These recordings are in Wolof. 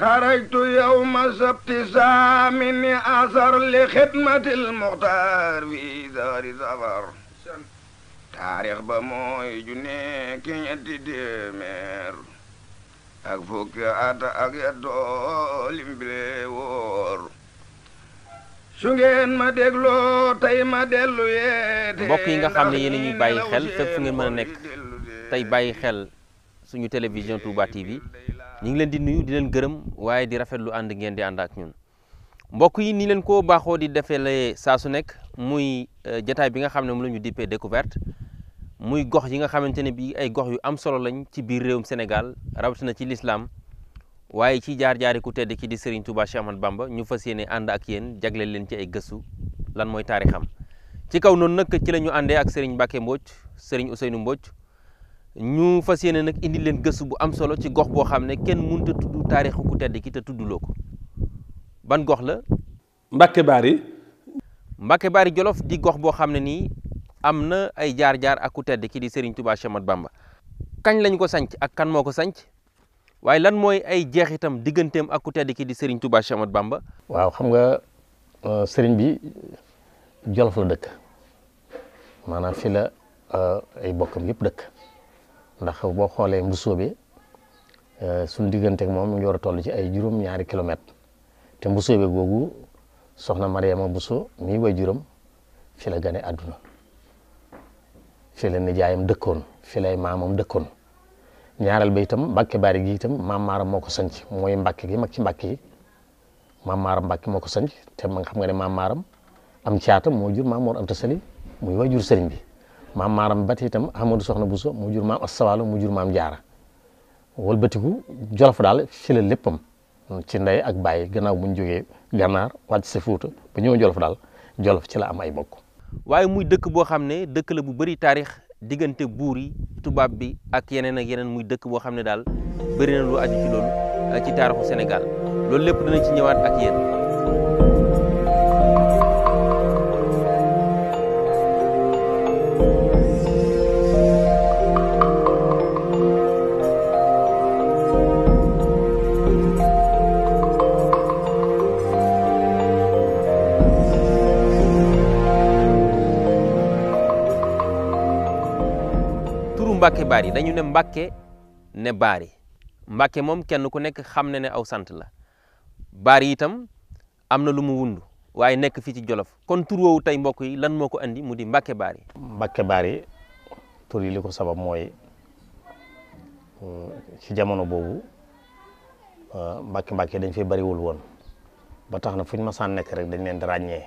خرجت يوم سبت سامن أثر لخدمة المختار في دار سفر taarix ba mooy junne ki ñetti téeméer ak su ngeen ma dégloo tey ma dellu yeete mbokk yi nga xam ne yéen ñuy bàyyi xel fépp fu ngeen mën a nekk tey bàyyi xel suñu télévision Touba TV ñu ngi leen di nuyu di leen gërëm waaye di rafetlu ànd ngeen di ànd ak ñun mbokk yi ni leen ko baaxoo di defee saa su nekk muy euh, jataay bi nga xam ne mu la ñu dippee découverte muy gox yi nga xamante ne bi ay gox yu am solo lañ ci biir senegal Sénégal na ci lislaam waaye ci jaar-jaari ku tedd ki di Serigne Touba Cheikh Ahmad Bamba ñu fas yéene ànd ak yéen jagleel leen ci ay gëstu lan mooy taarixam ci kaw noonu nag ci lañu àndee ak Serigne Mbacke Mbodj Serigne Ousseynou Mbodj ñu fa yéene nag indi leen gëstu bu am solo ci gox boo xam ne kenn mënut a tudd taarixu ku tedd ki te tudduloo ko ban gox la. Mbacke baari Mbacke baari Jolof di gox boo xam ne nii am na ay jaar-jaar ak ku tedd ki di Serigne Touba Cheikh Ahmadou Bamba. kañ lañ ko sanc ak kan moo ko sanc waaye lan mooy ay jeexitam digganteem ak ku tedd ki di Serigne Touba Cheikh Ahmadou Bamba. waaw xam nga euh, sëriñ bi Jolof la dëkk maanaam fi la euh, ay bokkam yëpp dëkk. ndax boo xoolee Mbousso bi euh, suñu digganteeg moom mu ngi a toll ci ay juróom-ñaari kilomètre te Mbousso bi googu soxna Mariama Bousso mii way juróom fi la gane àdduna fi la nijaayam dëkkoon fi lay maamam dëkkoon ñaareel ba itam mbake Bari gi itam maam Maaram moo ko sanc mooy Mbàkke gi mag ci Mbàkke yi maam Maaram Mbàkke moo ko sanc te ma nga xam nga ne maam Maaram am caatam moo jur maam Mor Anta Sali muy way jur sëriñ bi maam maaram bati itam Ahmadou Soxna Bousso mu jur maam Assawaalo mu jur maam Jaara walbatiku Jolof daal fi la léppam ci ndey ak bàyyi gannaaw bu ñu jógee gànnaar wàcc sa Fuuta ba ñëw Jolof daal Jolof ci la am ay mbokk. waaye muy dëkk boo xam ne dëkk la bu bëri taarix diggante buur yi tubaab bi ak yeneen ak yeneen muy dëkk boo xam ne daal bëri na lu aju ci loolu taarixu Sénégal loolu lépp dana ci ñëwaat ak yéen. Mbacke Bary dañu ne mbakke ne baari Mbacke moom kenn ku nekk xam na ne aw sant la baari itam am na lu mu wundu waaye nekk fii ci Jolof kon tur woowu tey mbokk yi lan moo ko andi mu di Mbacke Bary. Mbacke Bary tur yi ko sabab mooy euh, ci jamono boobu euh, Mbacke Mbacke dañ fee bariwul woon ba tax na fu ñu masaan nekk rek dañ leen di ràññee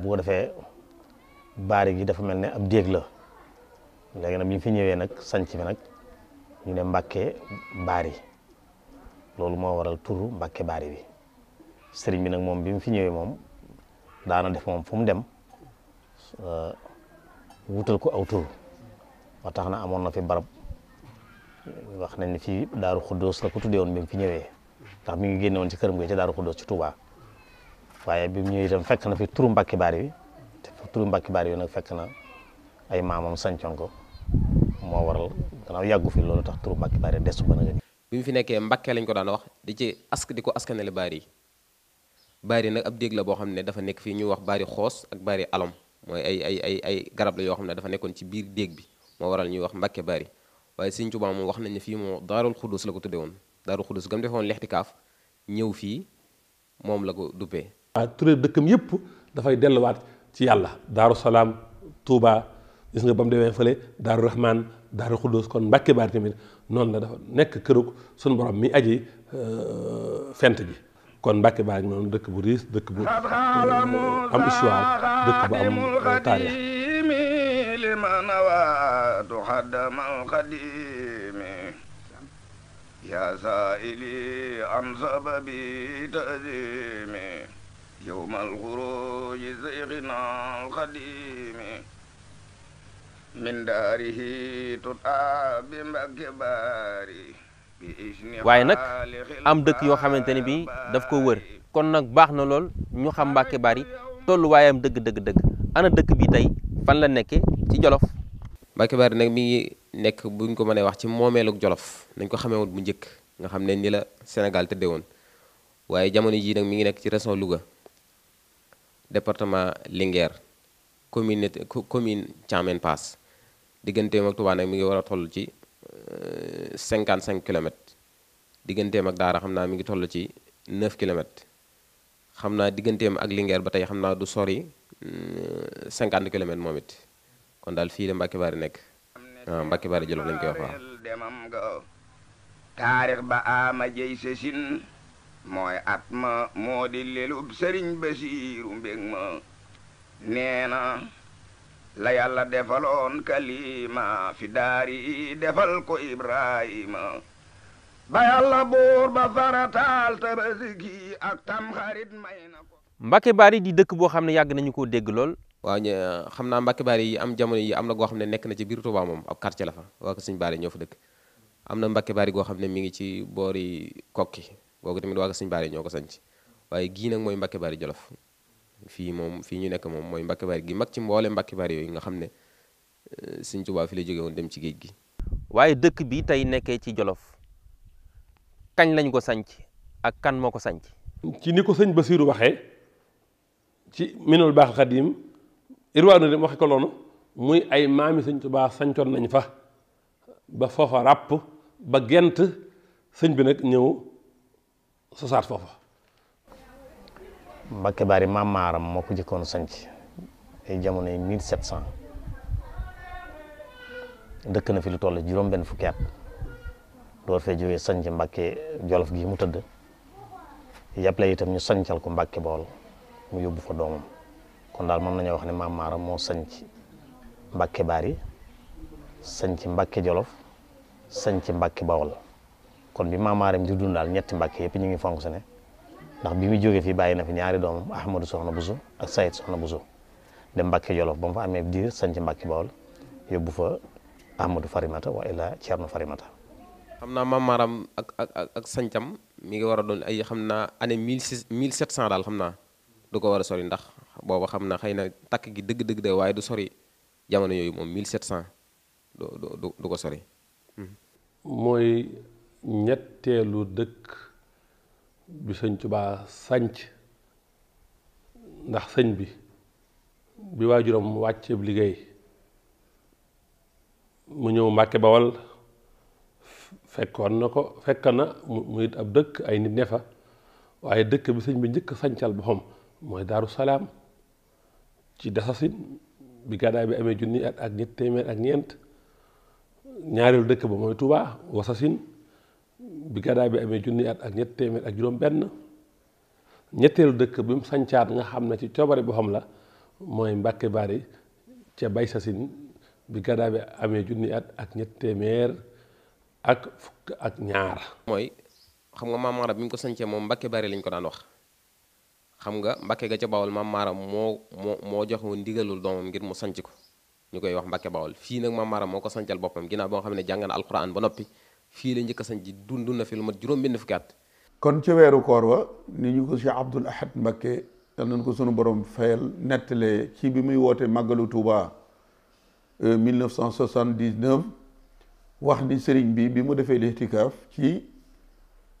bu ko defee Bary gi dafa mel ne ab déeg la. léegi nag bi fi ñëwee nag sanc fi nag ne Mbàkke Baari loolu moo waral turu Mbàkke Baari bi sëriñ bi nag moom bi mu fi ñëwee moom daana def fu mu dem euh, wutal ko aw tur ba tax na amoon na fi barab wax nañ ne fii Daaru Xuddoos la ko tudde woon bi fi ñëwee ndax mi ngi génne woon ci këram gi ci Daaru Xuddoos ci Touba waaye bi mu ñëwee itam fekk na fi turu Mbàkke Baari bi te turu Mbàkke Baari nag fekk na ay maamam sancoon ko moo waral gannaaw yàggu fi loolu tax turu Mbàkke Baari desu ba nga ni bi mu fi nekkee Mbàkke lañ ko daan wax di ci ask di ko askanale baari yi baari nag ab déeg la boo xam ne dafa nekk fii ñuy wax baari xoos ak baari alom mooy ay ay ay garab la yoo xam ne dafa nekkoon ci biir déeg bi moo waral ñuy wax Mbàkke Baari waaye Sëñ Tuubaa moom wax nañ ne fii moo daarul xudus la ko tudde woon daarul xudus gam defoon lextikaaf ñëw fii moom la ko duppee. waaw turé dëkkam yëpp dafay delluwaat ci yàlla daaru salaam gis nga ba mu demee fële daaru rahman daaru xuddoos kon mbàkke baar tamit noonu la dafa nekk kërug suñu borom mi aji euh, fent ji kon mbàkke baar gi noonu dëkk bu riis dëkk bu am histoire dëkk bu am taarix يا سائلي عن سبب تأزيمي يوم الخروج زيغنا القديم waaye nag am dëkk yoo xamante ne bii daf ko wër kon nag baax na lool ñu xam Mbàkke Bari tolluwaayam dëgg dëgg dëgg ana dëkk bi tey fan la nekke ci Jolof Mbàkke Bari nag mi ngi nekk buñ ko mënee wax ci moomeelu Jolof nañ ko xamee woon bu njëkk nga xam ne ni la Sénégal tëddee woon waaye jamono jii nag mi ngi nekk ci région Louga département Linguère commune commune Thiamène Pass digganteem ak Touba mi ngi war a toll ci 55 euh, kilomètres digganteem ak Daara xam naa mi ngi toll ci 9 kilomètres xam naa digganteem ak Linguère ba tey xam naa du sori 50 euh, kilomètres moom it kon daal fii de Mbacke Bari nekk waaw Mbacke Jolof lañ koy wax waaw. taarix ba ama jëy sësin mooy at ma moo di lelub sëriñ Basiiru mbég ma nee la yàlla defaloon kalima fi daari defal ko ibrahima ba yàlla buur ba farataal tabaski ak tamxarit may na ko Mbacke Bari di dëkk boo xam ne yàgg nañu koo dégg lool waaw xam naa Mbacke Bari yi am jamono yi am na goo xam ne nekk na ci biir Touba moom ab quartier la fa waa ko Sëñ ñoo fa dëkk am na Mbacke baari goo xam ne mi ngi ci boori kokki googu tamit waa ko Sëñ Bari ñoo ko sanc waaye gii nag mooy Mbacke Bari Jolof fii moom fii ñu nekk moom mooy Mbacke Bari gi mag ci mboole Mbacke Bari yooyu nga xam ne euh, Sëñ Tuubaa fi la jóge woon dem ci géej gi. waaye dëkk bi tey nekkee ci Jolof kañ lañ ko sañc ak kan moo ko sañc ci ni ko sëñ Basiiru waxee ci minul baax xadim irwaanu dem waxe ko loonu muy ay maami sëñ Tuubaa sancoon nañ fa ba foofa ràpp ba gent sëñ bi nag ñëw sosaat foofa Mbakke Bari maam Maaram moo ko jëkkoon sanc ay jamono yi 1700 dëkk na fi lu toll juróom-benn fukki at door fee jógee sanc Mbakke Jolof gi mu tëdd yàppale yitam ñu sancal ko Mbakke Bool mu yóbbu kon daal mën nañoo wax ne maam Maaram moo sanc Mbakke Bari sanc Mbakke Jolof sanc Mbakke Bawol kon bi maam Maaram juddu daal ñetti Mbakke yëpp ñu ngi fonk se ndax bi mu jógee fii bàyyi na fi ñaari doomam Ahmadou Soxna Bousso ak Sayid Soxna Bousso dem Mbàkke Jolof ba mu fa amee diir sanc Mbàkke Bawol yóbbu fa Ahmadou Farimata wa illa Ceerno Farimata xam naa maam maaram ak ak ak mi ngi war a doon ay xam naa année mil six mille sept cent daal xam naa du ko war a sori ndax booba xam naa xëy na takk gi dëgg-dëgg de waaye du sori jamono yooyu moom mille sept cent du du ko sori mooy ñetteelu dëkk bi sëñ Tubaa sànc ndax sëñ bi bi waajuram wàcceeb liggéey mu ñëw Mbàkke Bawal fekkoon na ko fekk na mu it ab dëkk ay nit ne fa waaye dëkk bi sëñ bi njëkk sañcal boppam mooy Daaru Salaam ci dasasin bi gàddaay bi amee junni ak ñett téeméer ak ñeent ñaareelu dëkk ba mooy Touba wasasin bi gàddaay bi amee junni at ak ñett téeméer ak juróom benn ñetteelu dëkk bi mu sancaat nga xam ne ci coobare boo xam la mooy Mbàkke Bari ca bay sasin bi gàddaay bi amee at ak ñett ak fukk ak ñaar mooy xam nga maam maaram bi mu ko sancee moom Mbàkke Bari lañ ko daan wax xam nga Mbàkke ga ca Bawol maam maaram moo moo moo joxe woon ndigalul doomam mu sanc ko ñu koy wax Mbàkke Bawol fii nag maam maaram moo ko sancal boppam ginnaaw boo xam ne jàng na alxuraan ba noppi fii la njëkk sañ sanc dund na fi lu mat juróom benn fukki at kon ci weeru koor wa ni ñu ko Cheikh Abdoul Ahad Mbacké yal nañ ko sunu borom fayal nettle ci bi muy woote màggalu Touba 1979 euh, wax ni sëriñ bi bi mu defee lixtikaaf ci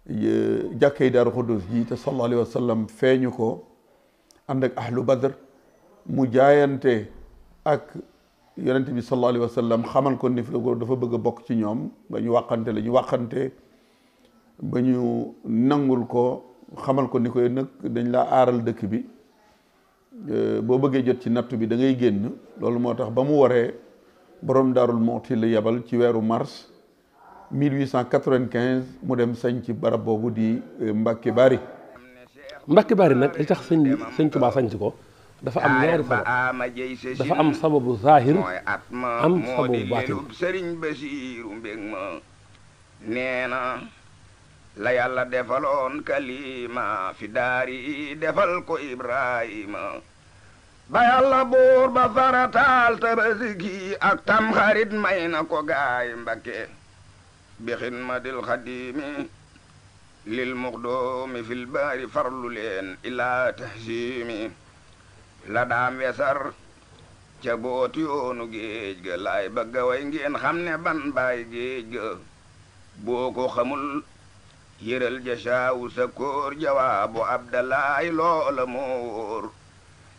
euh, jàkkey Daaru Xuddus ji te sallallahu alayhi feeñu ko ànd ak ahlu badr mu jaayante ak yonent bi sallallahu alayhi wa sallam xamal ko ni dafa bëgg bokk ci ñoom ba ñu waxante la ñu waxante ba ñu nangul ko xamal ko ni koy nag dañ laa aaral dëkk bi euh, boo bëggee jot ci nattu bi da génn loolu moo tax ba mu waree borom daarul mooti la yebal ci weeru mars 1895 mu dem sañ ci barab boobu di euh, Mbàkke Bari Mbàkke Bari nag li tax sëñ sëñ Tuubaa sañ ci ko dafa am ñaari sabab dafa am sababu zahir am sababu baatin sëriñ Basiiru mbég ma nee la yàlla defaloon kalima fi daari defal ko Ibrahima ba yàlla buur ba farataal tabaski ak tam xarit may na ko gaay mbakke bi xidmatil xadimi lil muxdoomi fil baari farlu leen ilaa tahsimi la daam wesar ca booti yoonu géej ga laay bëgga way ngeen xam ne ban baay géej ga boo ko xamul yëral ja saawu sa kóor jawaabu abdalaay loola moo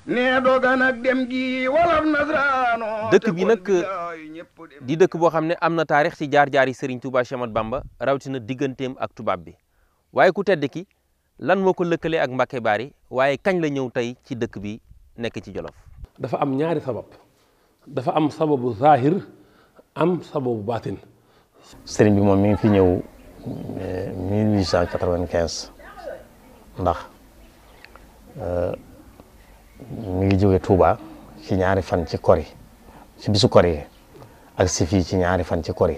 nee dogan ak dem gi wala nasraano dëkk bi nag di dëkk boo xam ne am na taarix ci jaar jaari yi Serigne Touba Bamba rawtina digganteem ak tubaab bi waaye ku tedd lan moo ko lëkkale ak Mbacke Bari waaye kañ la ñëw tey ci dëkk bi nekk ci Jolof dafa am ñaari sabab dafa am sababu zahir am sababu baatin sëriñ bi moom mi ngi fi ñëw 1895 eh, ndax eh, mi ngi jóge Touba ci ñaari fan ci kori ci bisu kori ak si fii ci ñaari fan ci kori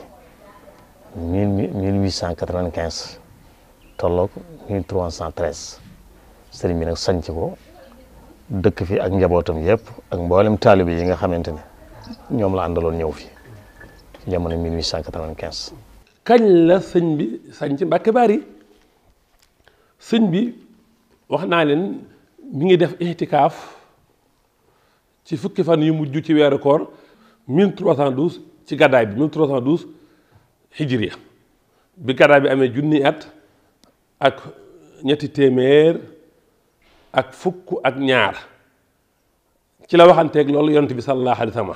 1895 tolloog 1313 sëriñ bi nag sanc ko dëkk fii ak njabootam yëpp ak mboolem taalibe yi nga xamante ne ñoom la àndaloon ñëw fi ci jamono 1895. kañ la sëñ bi sànci Mbàkke Bari sëñ bi wax naa leen mi ngi def itikaaf ci fukki fan yu mujj ci weeru koor 1312 ci gàddaay bi 1312 hijriya bi gàddaay bi amee junni at ak ñetti téeméer. ak fukk ak ñaar ci la waxanteek loolu yonent bi sallallahu alayhi wa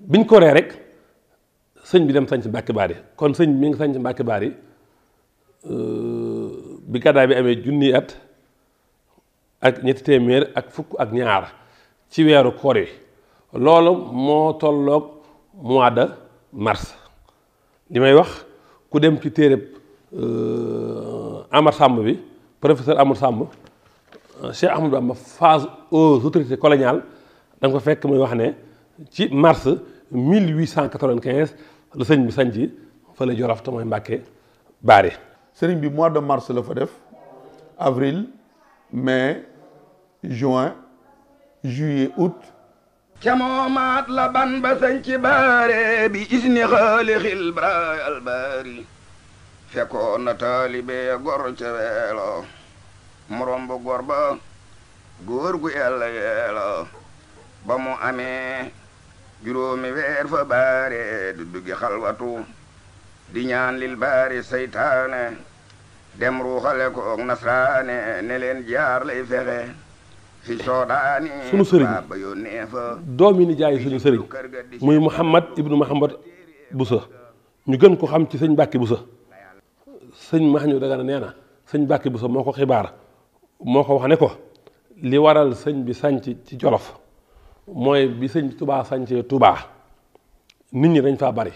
biñ koree rek sëñ bi dem sañ ci Mbàkke Baari kon sëñ bi mi ngi sañ ci Mbàkke Baari euh, bi gàddaay bi amee junni at ak ñetti téeméer ak fukk ak ñaar ci weeru koor yi loolu moo tollook mois de mars di may wax ku dem ci téereb euh, Amar Samb bi professeur Amar Samb Euh, Cheikh Ahmadou Bamba phase aux autorités coloniales da ko fekk muy wax ne ci mars 1895 la sëñ bi sañ ci fële Jolof te mooy Mbàkke Baare. sëriñ bi mois de mars la fa def avril mai juin juillet août. ca la ban ba sañ ci baare bi isni xaalixil braay albaari fekkoon na taalibe gor ca mu romb góor ba góor gu yàlla yeela ba mu amee juróomi weer fa baare du duggi xalwatu di ñaan lil baari seytaane dem ruuxale ko ak nasraane leen jaar lay fexe fi soodaani sunu sëriñ ba yónnee fa doomi ni jaay suñu sëriñ muy Muhammad ibnu Muhammad Busa ñu gën ko xam ci sëñ Bàkki Busa sëñ Maxañu Dagana nee na sëñ Bàkki Busa moo ko xibaar moo ko wax ne ko li waral sëñ bi sanc ci jolof mooy bi sëñ tubaa sancee tubaa nit ñi dañ faa bari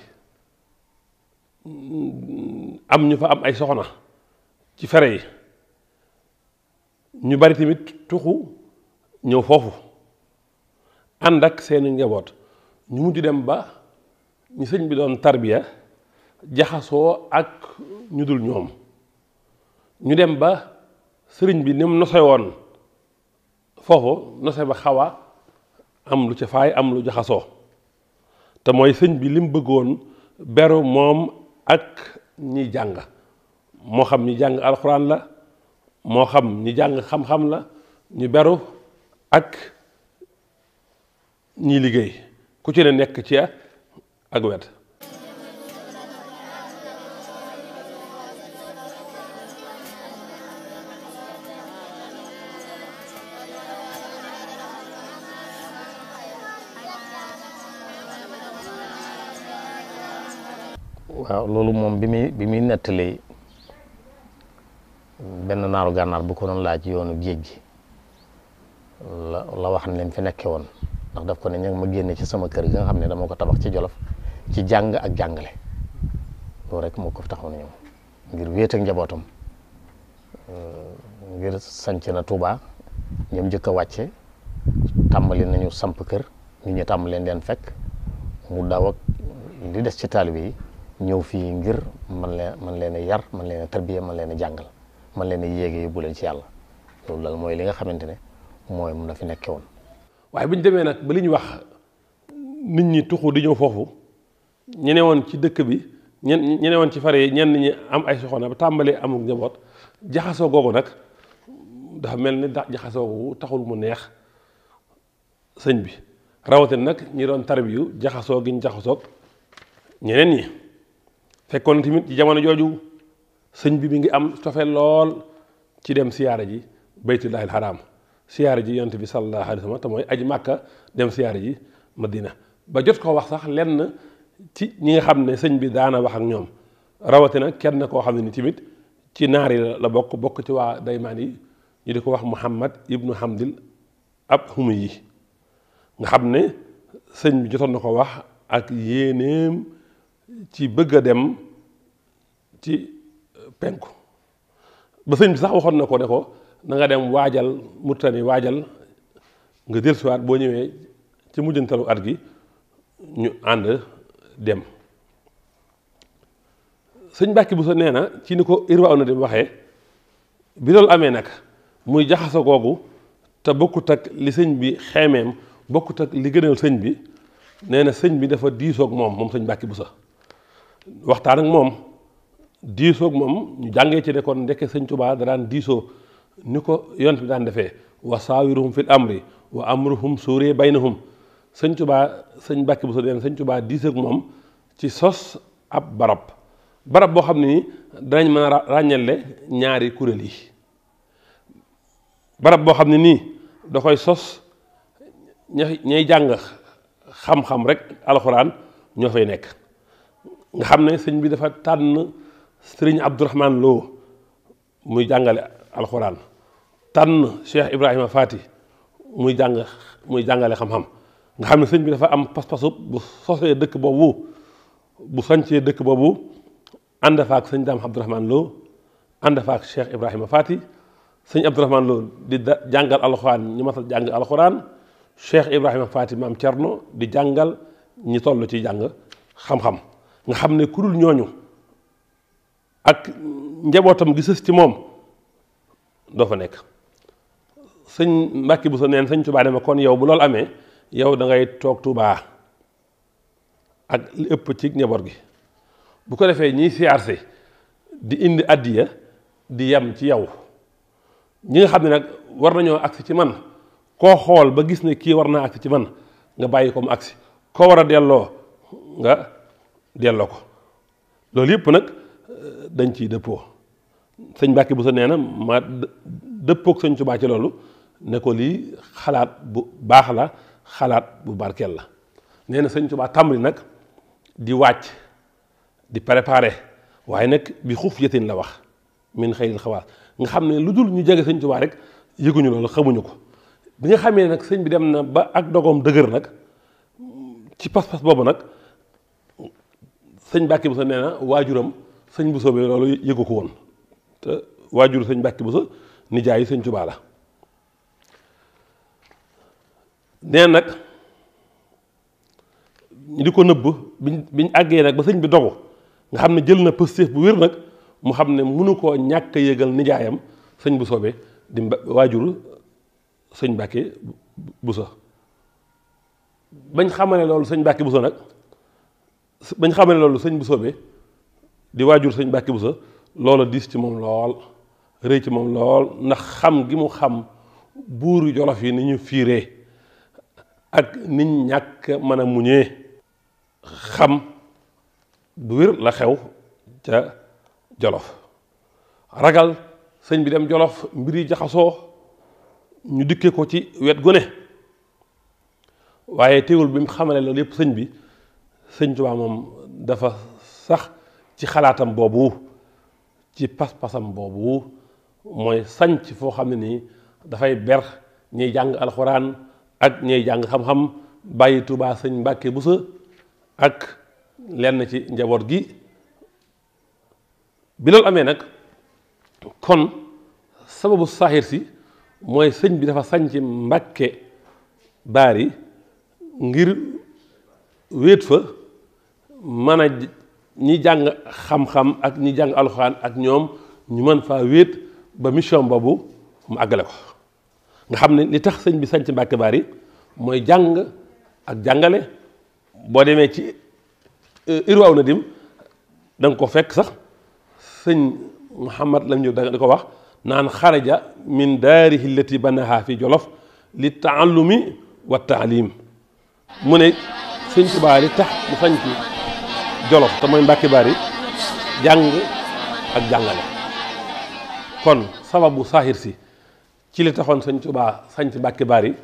am ñu fa am ay soxna ci fere yi ñu bari tamit tuxu ñëw foofu ànd ak seeni njaboot ñu mujj dem ba ñu sëñ bi doon tarbiya jaxasoo ak ñu dul ñoom ñu dem ba sëriñ bi ni mu woon foofu nose ba xawa am lu ci faay am lu jaxasoo te mooy sëñ bi li bëggoon beru moom ak ñi jàng moo xam ñi jàng alxuraan la moo xam ñi jàng xam-xam la ñu beru ak ñi liggéey ku ci ne nekk ci ak wet waaw loolu moom bi muy bi muy nettali benn naaru gànnaar bu ko doon laaj yoonu géej gi la la wax ne leen fi nekke woon ndax def ko ne ña ma génne ci sama kër gi nga xam ne dama ko tabax ci jolof ci jàng ak jàngale loolu rek moo ko fi taxaw na ñëw ngir wéet ak njabootam euh, ngir sanc na Touba ñoom njëkk a wàcce tàmbali nañu samp kër nit ñi tàmbaleen leen fekk mu daaw ak li des ci taalibe yi ñëw fii ngir man leen man leen yar man leen a tarbiya man leen a jàngal man leen a yéege yóbbu leen ci yàlla loolu daal mooy li nga xamante ne mooy mun na nekke woon waaye bu ñu demee nag ba li ñu wax nit ñi tuxu di ñëw foofu ñu ne woon ci dëkk bi ñen ñu woon ci fare yi ñenn ñi am ay soxna ba tàmbalee amul njaboot jaxasoo googu nag dafa mel ni da jaxasoo googu taxul mu neex sëñ bi rawatin nag ñi doon tarbiyu jaxasoo gi ñu jaxasoog ñeneen ñi fekkoon tamit ci jamono jooju sëñ bi mi ngi am sofe lool ci dem siyaara ji baytullahi alxaraam siyaara ji yonent bi sallallahu alayhi te mooy aji màkka dem siyaara ji madina ba jot ko wax sax lenn ci ñi nga xam ne sëñ bi daana wax ak ñoom rawatina kenn koo xam ne ni tamit ci naar yi la bokk bokk ci waa daymaan yi ñu di ko wax muhammad ibnu hamdil ab xumi yi nga xam ne sëñ bi jotoon na ko wax ak yéenéem ci bëgg a dem ci euh, penku ba sëñ bi sax waxoon na ko ne ko na dem waajal murtani waajal nga dellusiwaat boo ñëwee ci mujjantalu at gi ñu ànd dem sëñ Mbàkke bu sa nee na ci ni ko irwaaw na dem waxee bi loolu amee nag muy jaxaso googu te bokkut ak li sëñ bi xeemeem bokkut ak li gënal sëñ bi nee na sëñ bi dafa diisoog moom moom sëñ Mbàkke bu sa waxtaan ak moom diisoo moom ñu jàngee ci ne kon ndekke sëñ Tuubaa daan diisoo ni ko yont bi daan defee wa saawiruhum fil amri wa amruhum suuree baynahum sëñ Tuubaa sëñ Mbàkke bu sa deen sëñ Tuubaa diisoo ak moom ci sos ab barab barab boo xam ni danañ mën ñaari kuréel yi barab boo xam ne nii da koy sos ña ñay jàng xam-xam rek alxuraan ñoo fay nekk nga xam ne sëñ bi dafa tànn sëriñ Abdourahman loo muy jàngale alxuraan tànn Cheikh Ibrahima faati muy jàng muy jàngale xam-xam nga xam ne sëñ bi dafa am pas-pasu bu sosee dëkk boobu bu sañcee dëkk boobu ànd faak sëñ daam Abdourahman Lo ànd faak Cheikh Ibrahima faati sëñ Abdourahman Lo di jàngal alxuraan ñu masal jàng alxuraan Cheikh Ibrahima Fati maam Cerno di jàngal ñi toll ci jàng xam-xam nga xam ne ku dul ñooñu ak njabootam gi sës ci moom doo fa nekk sëñ Mbàkke bu sa neen sëñ Tuubaa ne ma kon yow bu loolu amee yow dangay toog Tuubaa ak ëpp ci njaboot gi bu ko defee ñiy siyaarse di indi àddiya di yem ci yow ñi nga xam ne nag war nañoo agsi ci man koo xool ba gis ne kii war naa agsi ci man nga bàyyi ko mu agsi koo war a delloo nga delloo ko loolu yëpp nag euh, dañ ciy dëppoo sëñ Mbàkke bu sa nee na ma dëppoog sëñ Tuubaa ci loolu ne ko lii xalaat bu baax la xalaat bu barkeel la nee na sëñ tàmbuli nag di wàcc di préparer waaye nag bi xuuf yëtin la wax xëy xëyil xawaas nga xam ne lu dul ñu jege sëñ Tuubaa rek yëguñu loolu xamuñu ko bi nga xamee nag sëñ bi dem na ba ak dogoom dëgër nag ci pas-pas boobu nag sëñ Mbàkke Buso nee na waajuram sëñ bu soobee loolu yëgu ko woon te waajur sëñ Mbàkke Buso nijaay yi sëñ Tuubaa la nag ñu di ko nëbb biñ biñ àggee nag ba sëñ bi dogu nga xam ne jël na pëstéef bu wér nag mu xam ne mënu koo ñàkk a yëgal nijaayam sëñ bu soobee di waajur sëñ Mbàkke Buso bañ xamale loolu sëñ bu Buso nag bañ xamee loolu sëñ bu soobee di waajur sëñ bàkki bu sa loola diis ci moom lool rëy ci moom lool ndax xam gi mu xam buuru jolof yi ni ñu fiiree ak niñ ñàkk mën a muñee xam bu wér la xew ca jolof ragal sëñ bi dem jolof mbir yi jaxasoo ñu dikkee ko ci wet gone waaye teewul bi mu xamale loolu yëpp sëñ bi sëñ Tuubaa moom dafa sax ci xalaatam boobu ci pas-pasam boobu mooy sanc foo xam ne dafay ber ñiy jàng alxuraan ak ñiy jàng xam-xam bàyyi Tuubaa sëñ Mbàkke Buso ak lenn ci njaboot gi bi amee nag kon sababu saaxir si mooy sëñ bi dafa sanc Mbàkke Baari ngir wéet fa mën a ñi jàng xam-xam ak ñi jàng alxuraan ak ñoom ñu mën faa wéet ba mission boobu mu àggale ko nga xam ne li tax sëñ bi sanc Mbàkke Bari mooy jàng ak jàngale boo demee ci e, irwaaw na dim danga ko fekk sax sëñ Muhammad lam ñu da ko wax naan xareja min daarihi llati banaha fi jolof li taallumi wa taalim mu ne sëñ Tuubaa li tax mu sanc Jolof te mooy Bari jàng ak jàngale kon sababu saaxir si ci li taxoon sëñ Tuubaa sañ si Mbàkke Bari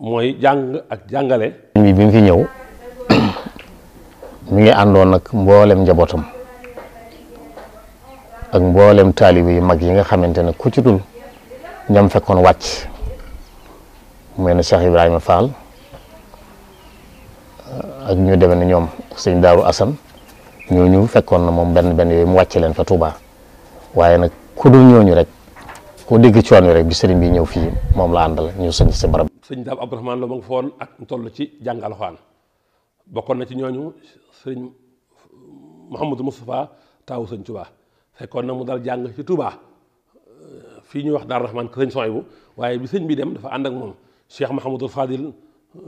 mooy jàng ak jàngale bi bi mu fi ñëw mu ngi àndoon nag mboolem njabootam ak mboolem taalibe yu mag yi nga xamante ne ku ci ñam fekkoon wàcc mu mel ne Cheikh Ibrahima Fall ak ñu demee ne ñoom sëñ Daaru Asan ñooñu fekkoon na moom benn benn yooyu mu wàcce leen fa Touba waaye nag ku dul ñooñu rek ku dégg coon wi rek bi sëriñ bi ñëw fii moom la àndal ñu sëñ si barab. sëñ Daaru Abdourahmane la ma nga foon ak mu toll ci jàng alxuraan bokkoon na ci ñooñu sëriñ Mouhamadou Moustapha taawu sëñ Touba fekkoon na mu dal jàng ci Touba fii ñuy wax Daaru Rahman ko waaye bi sëñ bi dem dafa ànd ak moom Cheikh Mouhamadou Fadil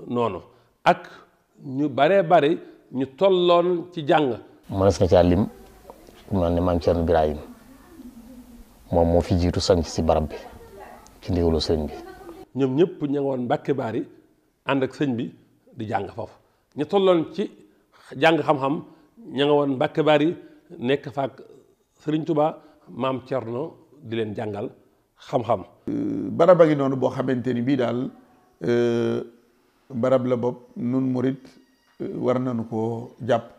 noonu ak. ñu baree bari ñu tolloon ci jàng. mënees na caa lim ku mel ne maam Cerno Birahim moom moo fi jiitu sañ si barab bi ci ndigalu sëñ bi. ñoom ñëpp ña nga woon Mbàkke Baari ànd ak sëñ bi di jàng foofu ñu tolloon ci jàng xam-xam ña nga woon Mbàkke Baari nekk fa ak Sëriñ Tuubaa maam Cerno di leen jàngal xam-xam. barab a ngi noonu boo xamante ni bii daal. Euh, barab la bopp nun murit euh, war nañu ko jàpp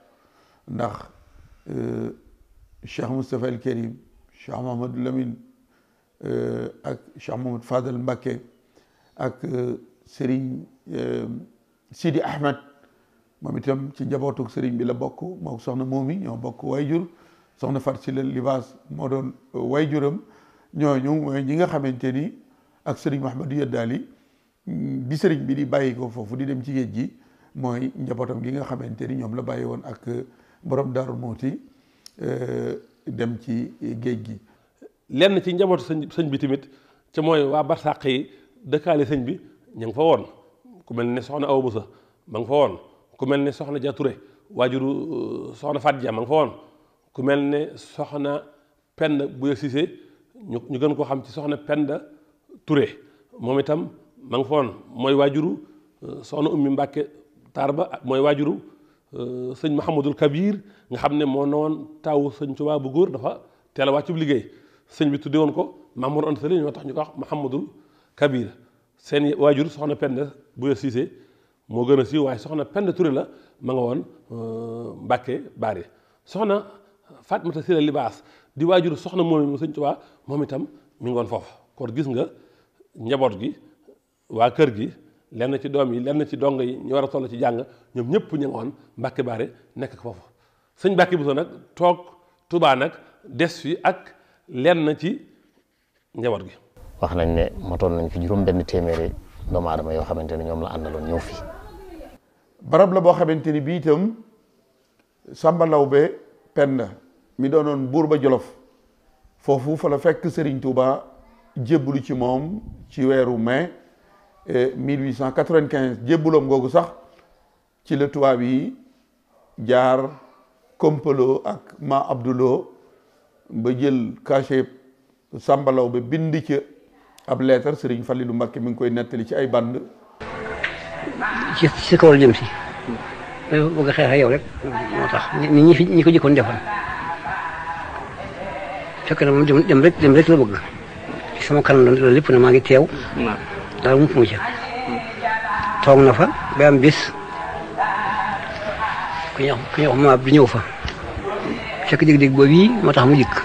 ndax euh, Cheikh Moustapha El Karim Cheikh Mahamadou euh, ak Cheikh Mahamad Fadal Mbacké ak Serigne Sidi Ahmed moom itam ci njabootuk Serigne bi la bokk moo soxna moomi ñoo bokk wayjur soxna Fatou Sylla Libaas moo doon wayjuram ñooñu mooy ñi nga xamante ni ak Serigne Mahamadou Yaddaali bi sëriñ bi di bàyyi ko foofu di dem ci géej gi mooy njabootam gi nga xamante ni ñoom la bàyyi woon ak euh, borom Daaru Muhti euh, dem ci géej gi. lenn ci njaboot sëñ sëñ bi tamit ca mooy waa barsàq yi dëkkaale sëñ bi ña nga fa woon ku mel ne soxna Awa Busa ma nga fa woon ku mel ne soxna Dia Touré waajuru euh, soxna Faat Dia ma nga woon ku mel ne soxna Penda ñu ñu gën koo xam ci soxna Penda Touré moom itam. ma nga mooy waajuru euh, soxna ummi mbàkke taar ba mooy waajuru euh, sëñ mahamadul kabir nga xam ne moo newoon taawu sëñ Tuubaa bu góor dafa teel a liggéey sëñ bi tudde woon ko Mamour Anta Sali tax ñu ko wax mahamadul kabir seen waajur soxna pende bu ya siisee moo gën a soxna pende Touré la ma nga woon euh, mbàkke baari soxna Fatmata Sila libaas di waajuru soxna moom mu sëñ Tuubaa moom itam mi ngi woon foofu kon gis nga njaboot gi waa kër gi lenn ci doom yi lenn ci dong yi ñu war a toll ci jàng ñoom ñëpp ñu ngoon Mbàkke Baare nekk foofu sëñ Mbàkke Buso nag toog Tuubaa nag des fi ak lenn ci njaboot gi. wax nañ ne motoon nañ fi juróom benn téeméeri doomu aadama yoo xamante ne ñoom la àndaloon ñëw fii. barab la boo xamante ni bii itam Samba Lawbe na mi doonoon buur ba Jolof foofu fa la fekk sëriñ Touba jébbalu ci moom ci weeru mai. 1895 jébbaloom googu sax ci la tubaab yi jaar kompaloo ak ma abduloo ba jël cachet sàmbalaw ba bind ca ab leetar Serigne Fallilou Mbacké mi ngi koy nettali ci ay band ci si kaw la jëm si bëgg a xeex yow rek moo tax ni ñi fi ko jëkkoon defoon fekk na moom dem dem rek la bëgg sama kanam la lépp na maa ngi teew dara mu fu mu ci toog na fa ba bis ku ñuy ku ñuy wax ma bi ñëw fa fekk dég-dég boobu yi moo tax mu jikk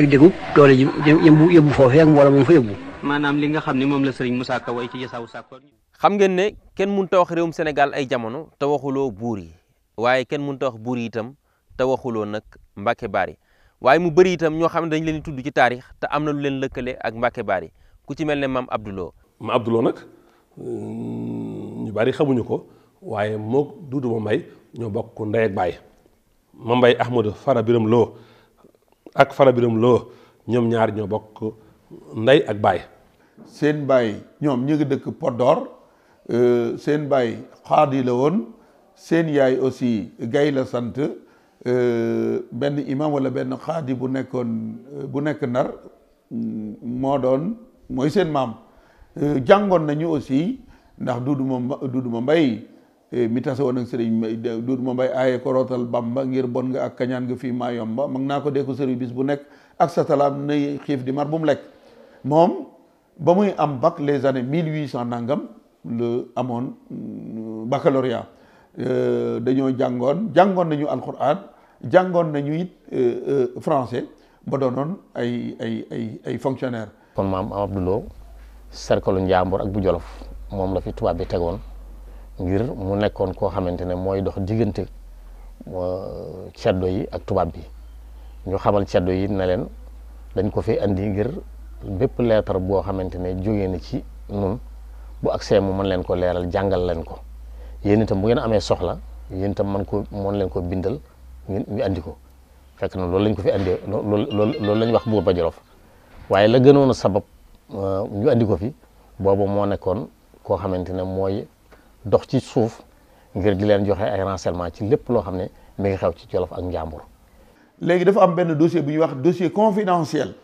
dég-dégu doole ji yëmbu yëbbu foofee ak mbooloo moom fa yëbbu maanaam li nga xam ne moom la sëriñ Moussa Ka way ci yasaawu sàkkoor xam ngeen ne kenn mënut a wax réewum senegal ay jamono te waxuloo buur yi waaye kenn mun a wax buur itam te waxuloo nag Mbàkke Baari waaye mu bëri itam ñoo xam ne dañ leen di tudd ci taarix te am na lu leen lëkkale ak Mbàkke Baari ku ci mel ne maam ma Abdoulou nag mm, ñu bari xamuñu ko waaye moo Duudu ma mbay ñoo bokk ndey ak baay ma mbay Ahmadou Fara Biram loo ak Fara Biram loo ñoom ñaar ñoo bokk ndey ak baay seen baay ñoom ñu ngi dëkk Podor euh, seen baay xaadi la woon seen yaay aussi gay la sant euh, benn imam walla benn xaadi bu nekkoon euh, bu nekk nar mm, moo doon mooy seen maam Euh, jàngoon nañu aussi ndax Duduma Duduma Mbay euh, mi tase woon ak sëriñ Duduma Mbay aaye ko rootal Bamba ngir bon nga ak kañaan nga fii maa yomba mag naa ko dee ko sëriñ bis bu nekk ak sa talaam nay xiif di mar bu mu lekk moom ba muy am bac années mille huit cent nangam amoon euh, baccalauréat dañoo jàngoon jàngoon nañu alquran jàngoon nañu it français ba doonoon ay ay ay ay fonctionnaire kon maam Abdou Lo cercle Njàmbur ak bu Jolof moom la fi tubaab bi tegoon ngir mu nekkoon koo xamante ne mooy dox diggante euh, ceddo yi ak tubaab bi ñu xamal ceddo yi ne leen dañ ko fi andi ngir bépp leetar boo xamante ne jógee na ci nun bu agsee mu mën leen ko leeral jàngal leen ko yéen itam bu ngeen amee soxla yéen tam mën ko mën leen ko bindal ñu andi ko fekk na loolu lañ ko fi andee loolu loolu lañ wax buur ba Jolof waaye la gënoon a sabab. Euh, ñu andi ko fi boobu moo nekkoon koo xamante ne mooy dox ci suuf ngir di leen joxe ay renseignement ci lépp loo xam ne mi ngi xew ci Jolof ak Njàmbur. léegi dafa am benn dossier bu ñuy wax dossier confidentiel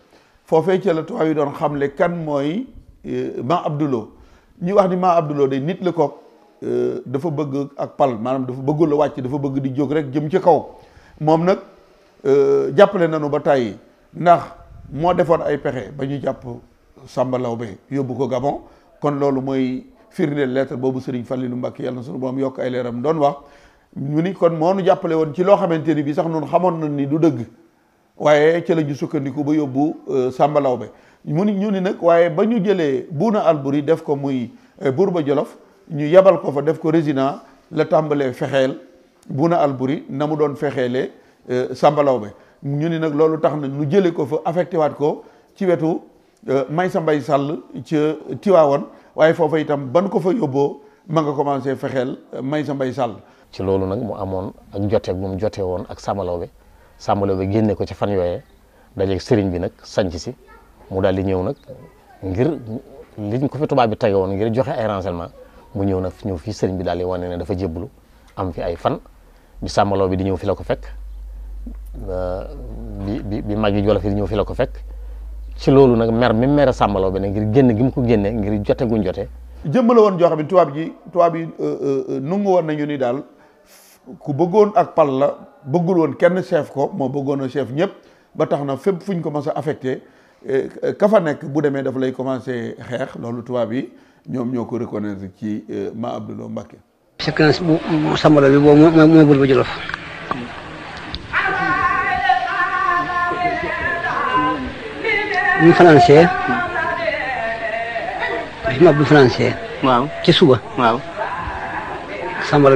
foofee ci la tubaab yi doon xamle kan mooy euh, ma Abdoulo ñuy wax ni ma Abdoulo de nit la ko euh, dafa bëgg ak pal maanaam dafa bëggul la wàcc dafa bëgg di jóg rek jëm ci kaw moom nag jàppale nañu ba tàyyi ndax moo defoon ay pexe ba ñu jàpp. Samba Lawbe yóbbu ko Gabon kon loolu mooy firndeel lettre boobu li nu Mbacké yàlla na sunu borom yokk ay leeram doon wax mu ni kon moo nu jàppale woon ci loo xamante ni bi sax noonu xamoon na ni du dëgg waaye ci la ñu sukkandiku ba yóbbu euh, Samba Lawbe mu ni ñu ni nag waaye ba ñu jëlee Buuna Alburi def ko muy euh, ba Jolof ñu yebal ko fa def ko résident la tàmbalee fexeel Buuna Alburi na mu doon fexeelee euh, Samba Lawbe ñu ni nag loolu tax na ñu jëlee ko fa affecté waat ko ci wetu Euh, may sa mbay sàll ca Tiwaawan waaye foofa itam ban ko fa yóbboo ma nga commencé fexeel euh, may sa mbay sàll ci loolu nag mu amoon ak jotee bu mu jotee woon ak sàmmalaw bi sàmmalaw bi génne ko ci fan yooyee dajeeg sëriñ bi nag sanc si mu daal di ñëw nag ngir liñ ko fi tubaab bi tege woon ngir joxe ay renseignement mu ñëw nag ñëw fii sëriñ bi daal di wane ne dafa jébbalu am fi ay fan bi sàmmalaw bi di ñëw fi la ko fekk euh, bi bi bi mag yi jolof fi di ñëw fi la ko fekk ci loolu nag mer mi mer Samba Laobé ne ngir génn gi mu ko génne ngir jote guñ jote jëmm la woon joo xam ne tubaab ji tubaab yi euh, euh, euh, nungu woon nañu ni daal ku bëggoon ak pal la bëggul woon kenn chef ko moo bëggoon a chef ñëpp ba tax na fépp fuñ ko mas a affecté ka fa nekk bu demee daf lay commencé xeex loolu tubaab yi ñoom ñoo ko reconnaître ci ma Abdoulaye Mbacké. séquence bu Samba Laobé boobu mooy mooy ba Jolof ñu financé bi ma ci suba. waaw.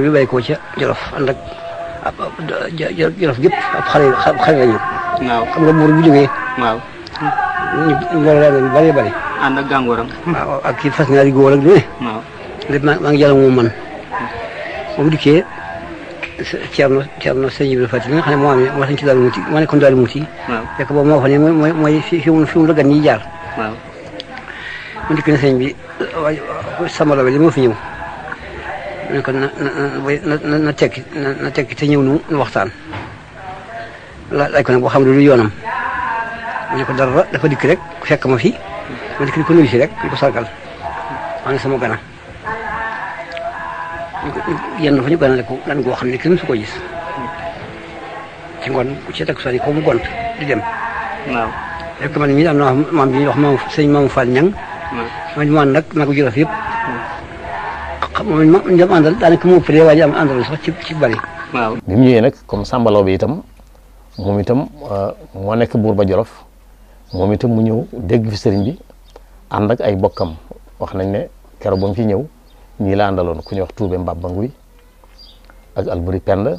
bi bay ko ca Jolof ànd ab Jolof gépp ab xale xale la ñu. nga buur bu jógee. waaw. ñu loolu ànd ak gàngooram. fas ñaari góor ak ne. waaw maa ngi jàll moom man. ba mu dikkee Thierno Thierno Sëriñ Ibrahima Fati bi nga xam ne moo amee moo sañ ci daal muuti moo nekkoon daal muuti fekk boobu moo fa ne mooy mooy fi fi mu fi mu la gan yi jaar mu dikk ne sëñ bi waa sama lobe li moo fi ñëw ne ko na na na tekki na tekki te ñëw nu waxtaan laaj ko nag boo xam ne lu yoonam mu ne ko dara dafa dikk rek fekk ma fi ma dikk di ko nuyu si rek di ko sargal maa ngi sama gana yenn fa ñu gënale ko lan goo xam ne kenn su ko gis ci ngoon ci takkusaan yi ko mu di dem. waaw man mii daan na wax maam bi ñuy wax maam sëñ Maam Fall Ñang. man nag maa ko jëloon fi yëpp. xam nga man ma dem àndal daanaka mu ëppalee waa ji am àndal sax ci ci bari. waaw ñëwee nag comme Sambalaw bi itam moom itam euh, moo nekk buur ba Jolof moom itam mu ñëw dégg fi sëriñ bi ànd ay bokkam wax nañ ne keroog ba mu fi ñëw. ñii laa àndaloon ku ñuy wax Toubé Mbaba Nguy ak Alburi Penda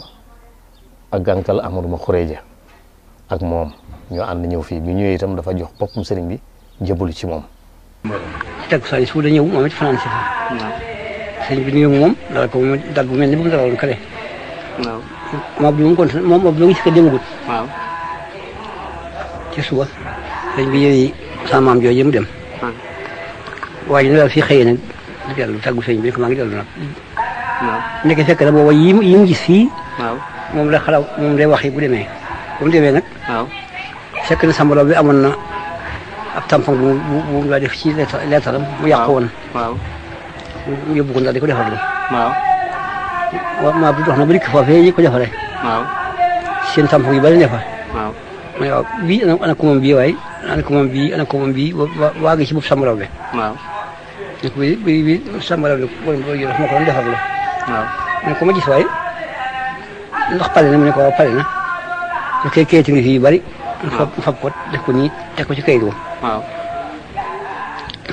ak gànkal Amadou ma Xureeja ak moom ñoo ànd ñëw fii bi ñëwee itam dafa jox boppam sëriñ bi jébbalu ci moom. moom it si fa. sëriñ bi nuyoog moom dara ko moom dal bu mel ni bu mu dalaloon kale. waaw moom bi mu continué moom moom bi mu gis ko demagut. waaw. ci suba sëriñ bi yooyu sama maam mu dem. waaye ñu daal fii xëyee ma dellu tàggu sëñ bi ne ko maa ngi dellu nag. waaw nekk fekk na booba yi mu yi mu moom la xalaw moom lay waxee bu demee. bu mu demee nag. waaw na sambalo bi amoon na ab tampon bu bu mu def ci leetaram mu yàq woon. waaw mu yóbbu ko ko defar waaw maa bu dox na ba dikk yi ko defaree. waaw seen tampon yu bari ne fa. waaw ana ko moom bii ana ko moom ana ko moom waa waa ngi ci bi. waaw. ne ko bi bi bi sàmm la ko doon defar la waaw ne ko ma gis waay ndax pare na mu ne ko waaw pare na te kay kayitu fi yu bari. waaw fab ko def ko nii teg ko ci kayit wu. waaw.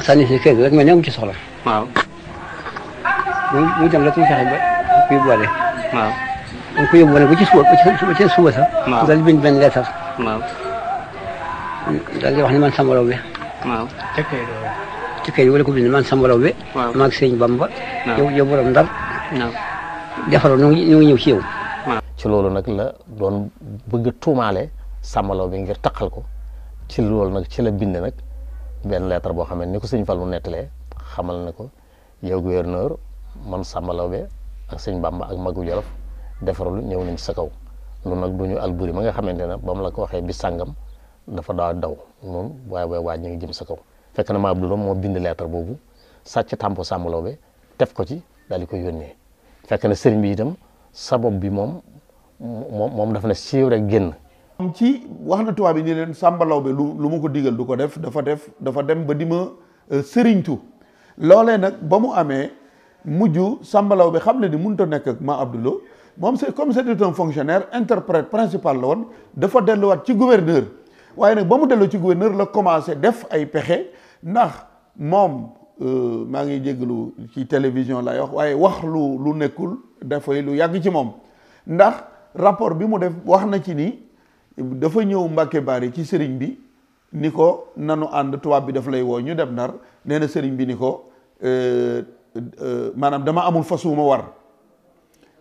sànni si kayit rek mais ne ci soxla. waaw. mu mu dem rek mu fexe ba ku yóbbuwaale. waaw mu ko yóbbuwaale ba ci suba ba ci ba ci suba sax. waaw daal di bind benn lettre. waaw. wax ne man sàmm la ci kayit wala ko bi. waaw maag sëñ Bamba. yow yow borom ndar. waaw defaroo ñu ci yow. nag la doon bëgg tuumaale sàmmalaw bi ngir taqal ko ci loolu nag bind nag benn lettre boo xam ne ni ko sëñ Fallu nettalee xamal na ko yow gouverneur man sàmmalaw be ak sëñ Bamba ak Magu Jolof defarul ñëw nañ sa kaw loolu nag du ñu alburi ma nga xamante ne ba mu la ko waxee bi sàngam dafa daa daw moom waaye waaye waa ñu ngi jëm sa kaw. fekk na Maam Abdu moo bind lettre boobu sàcc tàmpo Samba Laobé def ko ci daal di ko yónnee fekk na sëriñ bi itam sabab bi moom moom moom dafa ne siiw rek génn. am ci wax na tubaab yi ni leen Samba bi lu lu ma ko diggal du ko def dafa def dafa dem ba di ma euh, sëriñtu loole nag ba mu amee mujj Samba bi xam ne ni mënut a nekk ak Maam Abdu Lo moom c'est comme c'était un fonctionnaire interprète principal la woon dafa delluwaat ci gouverneur waaye nag ba mu delloo ci gouverneur la commencé def ay pexe. ndax moom euh, maa ngi jéglu ci télévision lay wax waaye wax lu lu nekkul dafay lu yàgg ci moom ndax rapport bi mu def wax na ci ni dafa ñëw Mbàkke yi ci sëriñ bi ni ko nanu ànd tubaab bi daf lay woo ñu dem Ndar nee na sëriñ bi ni ko euh, euh, maanaam dama amul fas wu ma war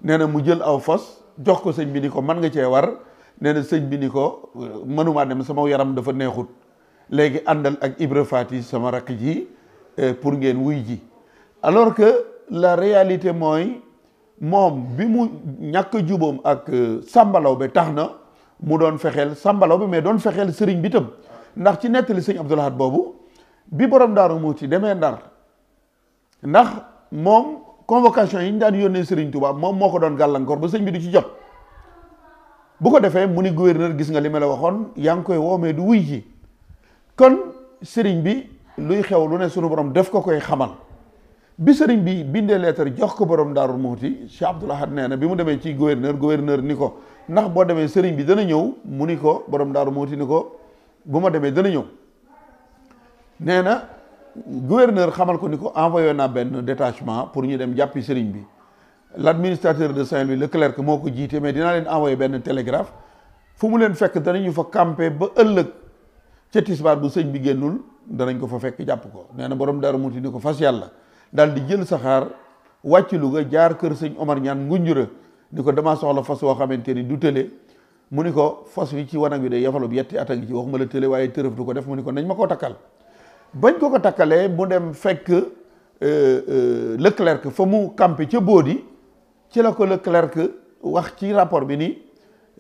nee na mu jël aw fos jox ko sëñ bi ni ko man nga cee war nee na sëñ bi ni ko mënumaa dem sama yaram dafa neexut léegi àndal ak Ibra Fati sama rakk ji eh, pour ngeen wuy ji alors que la réalité mooy moom bi mu ñàkk juboom ak eh, sàmbalaw bi tax na mu doon fexeel sàmbalaw bi mais doon fexeel sëriñ bi tam ndax ci nettali sëñ Abdou Lahad boobu bi borom daaru muuti demee ndar ndax moom convocation yi ñu daan yónnee sëriñ Touba moom moo ko doon gàllankoor ba sëñ bi du ci jot bu ko defee mu ni gouverneur gis nga li ma la waxoon yaa ngi koy woomee du wuy ji kon sëriñ bi luy xew lu ne sunu borom def ko koy xamal bi sëriñ bi bindee leetar jox ko borom daaru muuti Cheikh Abdoul Ahad nee na bi mu demee ci gouverneur gouverneur ni ko ndax boo demee sëriñ bi dana ñëw mu ni ko borom daarul muuti ni ko bu ma demee dana ñëw nee na gouverneur xamal ko ni ko envoyé naa benn détachement pour ñu dem jàppi sëriñ bi l' administrateur de Saint-Louis le clerc moo ko jiitee mais dinaa leen envoyé benn télégraphe fu mu leen fekk danañu fa campé ba ëllëg ca tisbaar bu sëñ bi génnul danañ ko fa fekk jàpp ko nee na dara Daaru Muti ni ko fas yàlla daal di jël saxaar wàcci Louga jaar kër sëñ Omar ñaan ngunjura ni ko damaa soxla fas woo xamante ni du tële mu ni ko fas wi ci wanag wi de yafalu yetti at a ngi ci la tële waaye tërëf du ko def mu ni ko nañ ma koo takkal bañ ko ko takkalee mu dem fekk euh, euh, Leclerc fa mu campé ca Bodi ci la ko Leclerc wax ci rapport bi ni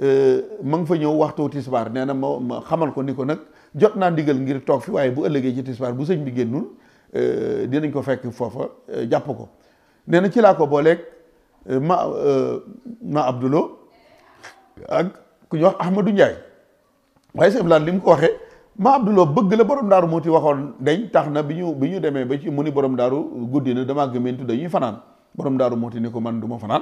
euh, ma ngi fa ñëw waxtu tisbaar nee na ma xamal ko ni ko nag jot naa ndigal ngir toog fi waaye bu ëllëgee ci tisbaar bu sëñ bi génnul euh, dinañ ko fekk foofa euh, jàpp ko nee na ci laa ko booleeg euh, ma ma Abdulo ak ku ñuy wax Ahmadou Ndiaye waaye sëñ Blaan li mu ko waxee ma Abdulo bëgg la borom daaru moo ti waxoon dañ tax na bi ñu bi ñu demee ba ci mu ni borom daaru guddi na damaa gëmeentu dañuy fanaan borom daaru moo ti ni ko man du ma fanaan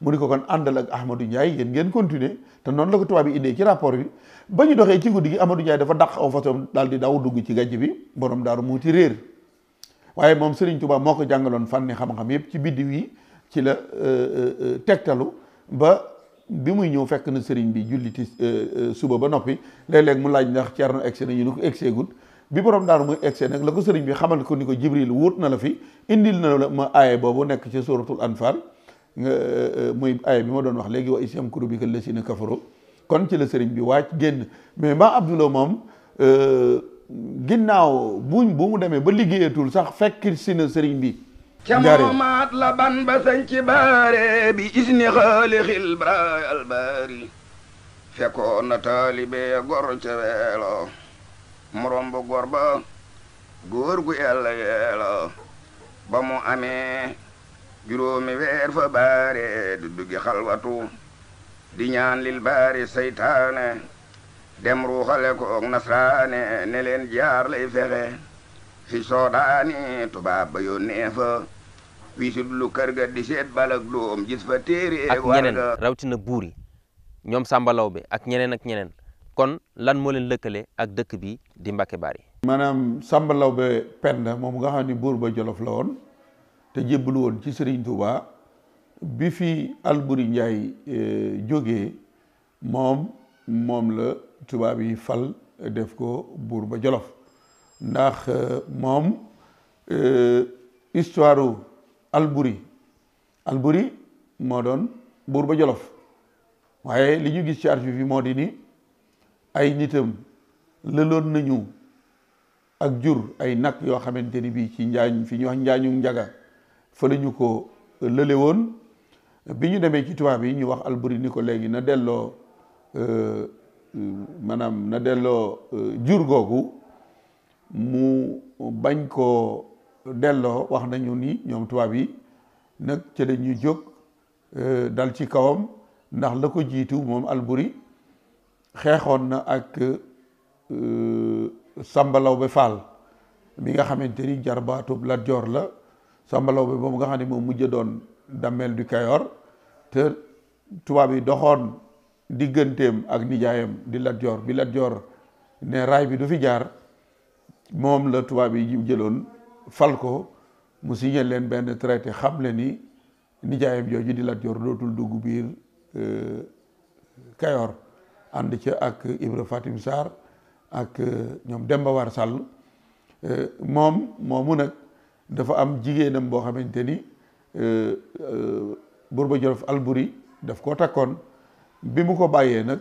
mu ni ko kon àndal ak ahmadu Ndiaye yéen ngeen continuer te noonu la ko tubaab yi indee ci rapport bi ba ñu doxee ci guddi gi Amadou Ndiaye dafa dàq aw façon daal di daw dugg ci gàjj bi borom daaru mu ci réer waaye moom Serigne Touba moo ko jàngaloon fànni xam-xam yëpp ci biddiw yi ci la euh, euh, euh, tegtalu ba bi muy ñëw fekk na Serigne bi julliti suba ba noppi léeg-léeg mu laaj ndax Thierno egsi nañu ni ko egsee gud bi borom daaru muy egsee nag la ko Serigne bi xamal ko ni ko Jibril wut na la fi indil na la ma aaye boobu nekk ci suratul anfal nga euh, euh, muy ay bi ma doon wax léegi wa is yamkuru bika lasina kafaru kon ci la sëriñ bi wàcc génn mais ba Abdoulaye moom euh, ginnaaw buñ bu mu demee ba liggéeyatul sax fekk si na sëriñ bi ca moomaat la ban ba sañ ci baare bi isni xaalixil braay albaari fekkoon na taalibe gor ca weelo morom gor ba góor gu yàlla yeelo ba mu amee juróomi weer fa baare du duggi xalwatu di ñaan lil baari seytaane dem ruuxale ko ak nasraane ne jaar lay fexe fi soodaani tubaab ba yónnee fa wisit lu kër ga di seet balak doom gis fa téere ak ñeneen rawatina buur yi ñoom sàmbalaw bi ak ñeneen ak ñeneen kon lan moo leen lëkkale ak dëkk bi di Mbàkke Baari maanaam sàmbalaw bi pend moom nga xam ni buur ba jolof la woon te jébbalu woon ci Serigne Touba bi fi Alburi Njaay eh, jógee moom moom la tubaab yi fal def ko buur ba Jolof ndax eh, moom eh, histoire Alburi Alburi moo doon buur ba Jolof waaye li ñu gis ci archive yi moo di ni ay nitam lëloon nañu ak jur ay nag yoo xamante ni bii ci njaañ fi ñuy wax njaañu njaga fa ñu ko lële woon bi ñu demee ci tubaab yi ñu wax Albury ni ko léegi na delloo euh, maanaam na delloo euh, jur googu mu bañ koo delloo wax nañu ni ñoom tubaab yi nag ca dañu jóg euh, dal ci kawam ndax la ko jiitu moom Albury xeexoon na ak Sàmba Lawbe Faal bi nga xamante ni jarbaatub Lat Joor la Samba Laobé mu nga xam ne moom mujj doon dammel du kayoor te tubaab yi doxoon digganteem ak nijaayam di Lat Joor bi Lat Joor ne raay bi du fi jaar moom la tubaab yi jëloon fal ko mu signé leen benn traité xam le ni nijaayam jooju di Lat Joor dootul dugg biir euh, Kayor ànd ca ak Ibra Fatim Sarr ak euh, ñoom Demba War Sall euh, moom moomu nekk dafa am jigéenam boo xamante ni euh, euh, Bourba Jolof Alburi daf koo takkoon bi mu ko bàyyee nag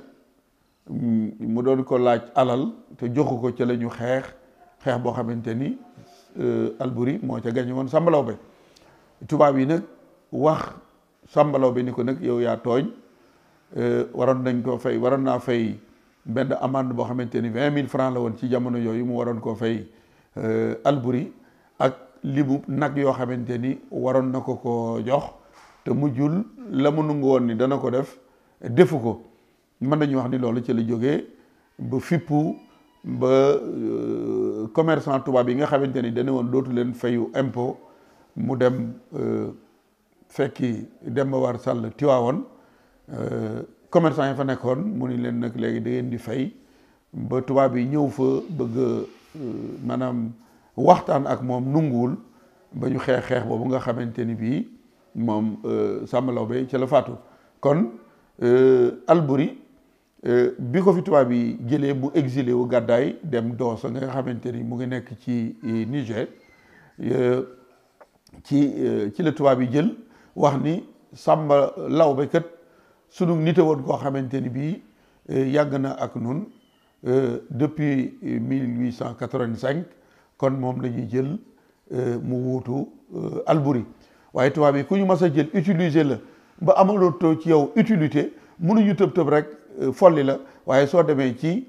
mm, mu doon ko laaj alal te joxu ko ca la ñu xeex xeex boo xamante ni euh, Alburi moo ca gañe woon Samba bi tubaab yi nag wax Samba bi ni ko nag yow yaa tooñ waroon nañ koo fay waroon naa fay benn amende boo xamante ni vingt mille francs la woon ci jamono yooyu mu waroon koo fay Alburi ak limu nag yoo xamante ni waroon na ko ko jox te mujjul la mu nangu woon ni dana ko def defu ko mën nañu wax ni loolu ci la jóge ba fippu ba euh, commerçant tubaab yi nga xamante ni dana woon dootu leen fayu impôt mu dem euh, fekki Demba War Sall Tiwaawoon euh, commerçant yi fa nekkoon mu ni leen nag léegi da di fay ba tubaab yi ñëw fa bëgg maanaam waxtaan ak moom nunguwul ba ñu xeex xeex boobu nga xamante ni bii moom euh, Samba Laobé ca la faatu kon euh, Alburi euh, bi ko fi tubaab yi jëlee mu exilé wu gàddaay dem Doosa nga xamante ni mu ngi nekk ci Niger ci ci la tubaab yi jël wax ni Samba Laobé kat sunu nite woon koo xamante ni bii yàgg na ak nun depuis 1885 kon moom la ñuy jël euh, mu wuutu euh, Alburi waaye tubaab yi ku ñu mas a jël utiliser la ba amalootoo ci yow utilité mënuñu tëb tëb rek euh, folli la waaye soo demee ci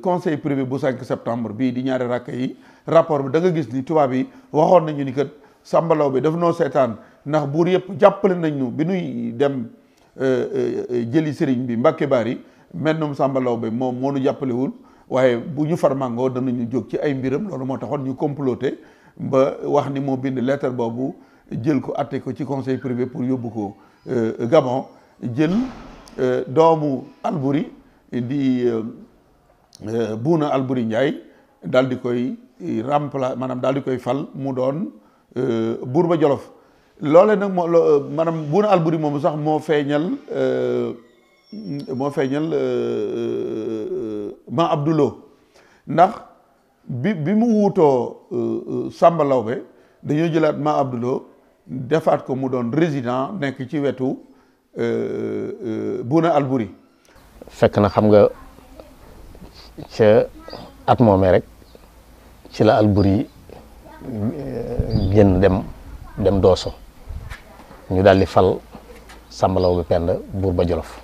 conseil privé bu 5 septembre bii di ñaari rakk yi rapport bi da nga gis ni tubaab yi waxoon nañu ni kat sàmbalaw bi daf noo seetaan ndax buur yëpp jàppale nañ ñu bi nuy dem jëli sëriñ bi baar yi mennum sàmbalaw bi moom moo nu jàppalewul waaye bu ñu farmangoo danañu jóg ci ay mbiram loolu moo taxoon ñu comploté ba wax ni moo bind lettre boobu jël ko atte ko ci conseil privé pour yóbbu ko euh, Gabon jël euh, doomu Alburi di euh, Bouna Alburi Ndiaye daal di koy remplacer maanaam daal di koy fal mu doon buur ba Jolof loole nag moo maanaam Bouna Alburi moomu sax moo feeñal moo feeñal ma Abdoulou ndax bi bi mu wuutoo euh, euh, Samba Lawbe dañoo jëlaat ma Abdoulou defaat ko mu doon résident nekk ci wetu euh, Bouna Albouri fekk na xam nga ca at moomee rek ci la Albouri génn dem dem dooso ñu daal di fal Samba Lawbe Penda buur ba Jolof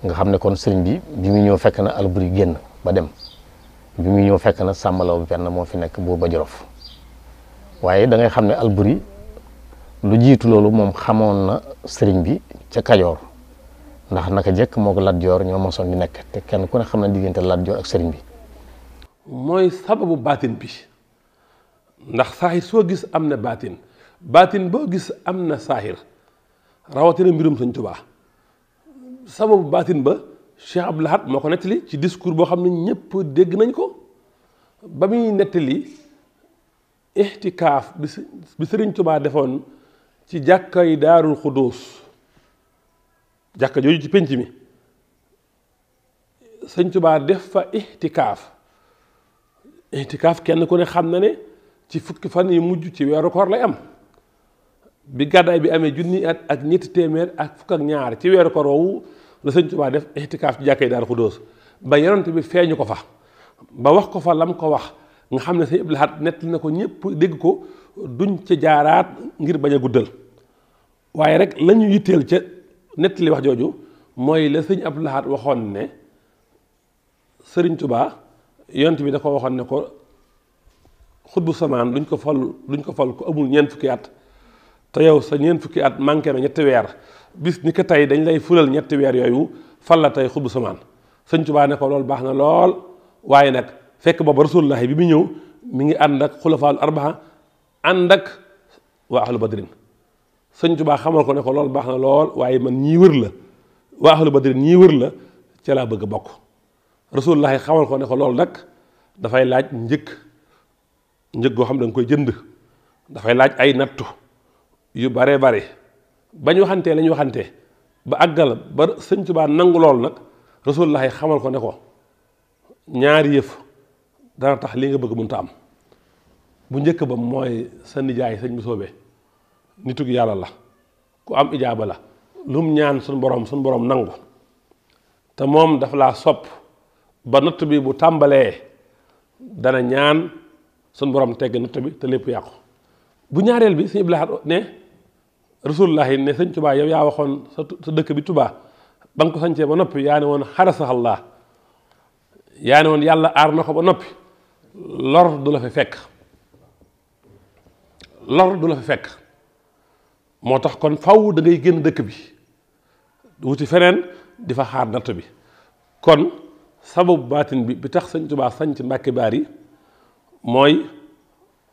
nga xam ne kon sëriñ bi bi mu ñëw fekk na Alburi génn ba dem bi mu ñëw fekk na sàmmalaw benn moo fi nekk buur ba jorof waaye da ngay xam ne Alburi lu jiitu loolu moom xamoon na sëriñ bi ca Kajoor ndax naka jekk moo ko Lat Joor ñoo mosoon di nekk te kenn ku ne xam ne diggante Lat Joor ak sëriñ bi mooy sababu baatin bi ndax saaxir soo gis am na baatin baatin boo gis am na saaxir rawatina mbirum Sëñ Tuubaa sababu baatin ba Cheikh Abdou Lahad moo ko nettali ci discours boo xam ne ñëpp dégg nañ ko ba muy nettali ixtikaaf bi Sëriñ Tubaa defoon ci jàkka yi daarul xudóos jàkka jooju ci pénc mi Sëriñ Tubaa def fa ixtikaaf ixtikaaf kenn ku ne xam na ne ci fukki fan yi mujj ci weeru koor lay am bi gàddaay bi amee junni at ak ñetti téeméer ak fukk ak ñaar ci weeru ko roowu la sëñ Tuubaa def itikaaf ci jàkkay Daaru Xuddoos ba yonent bi feeñu ko fa ba wax ko fa lam ko wax nga xam ne sëñ Abdul Ahad nett na ko ñëpp dégg ko duñ ca jaaraat ngir bañ a waaye rek la ñu ca nett wax jooju mooy la sëñ Abdul Ahad waxoon ne sëriñ tubaa yonent bi da ko waxoon ne ko xutbu samaan duñ ko fal duñ ko fal ko amul ñeent fukki at te yow sa ñeen fukki at manqué na ñetti weer bis ni ko tey dañ lay fulal ñetti weer yooyu fal la tey xubbu samaan sëñ Tuubaa ne ko loolu baax na lool waaye nag fekk booba rasulullahi bi mu ñëw mu ngi ànd ak xulafaalu arbaa ànd ak waa ahlu badrin sëñ baa xamal ko ne ko loolu baax na lool waaye man ñii wër la waa ahlu badrin ñii wër la ca laa bëgg a bokk rasulullahi xamal ko ne ko loolu nag dafay laaj njëkk njëg goo xam da nga koy jënd dafay laaj ay nattu yu bare bare ba waxantee la waxante waxantee ba àggal ba sëñ Tuubaa nangu loolu nag rasulullah xamal ko ne ko ñaari yëf dana tax li nga bëgg mënta am bu njëkk ba mooy sa nijaay sëñ bu soobee nitug yàlla la ku am ijaaba la lum ñaan suñ borom suñ borom nangu te moom dafa laa sopp ba natt bi bu tàmbalee dana ñaan suñ borom tegg natt bi te lépp yàqu bu ñaareel bi sëñ Ibrahima ne rasulullah yi ne sëñ tubaa yow yaa waxoon sa sa dëkk bi tubaa ba ko sañcee ba noppi yaa ne woon xarasaxallaa yaa ne woon yàlla aar na ko ba noppi lor du la fi fekk lor du la fi fekk moo tax kon faw da ngay génn dëkk bi wuti feneen di fa xaar natt bi kon sababu baatin bi bi tax sañ tubaa sañc mbàkke baar yi mooy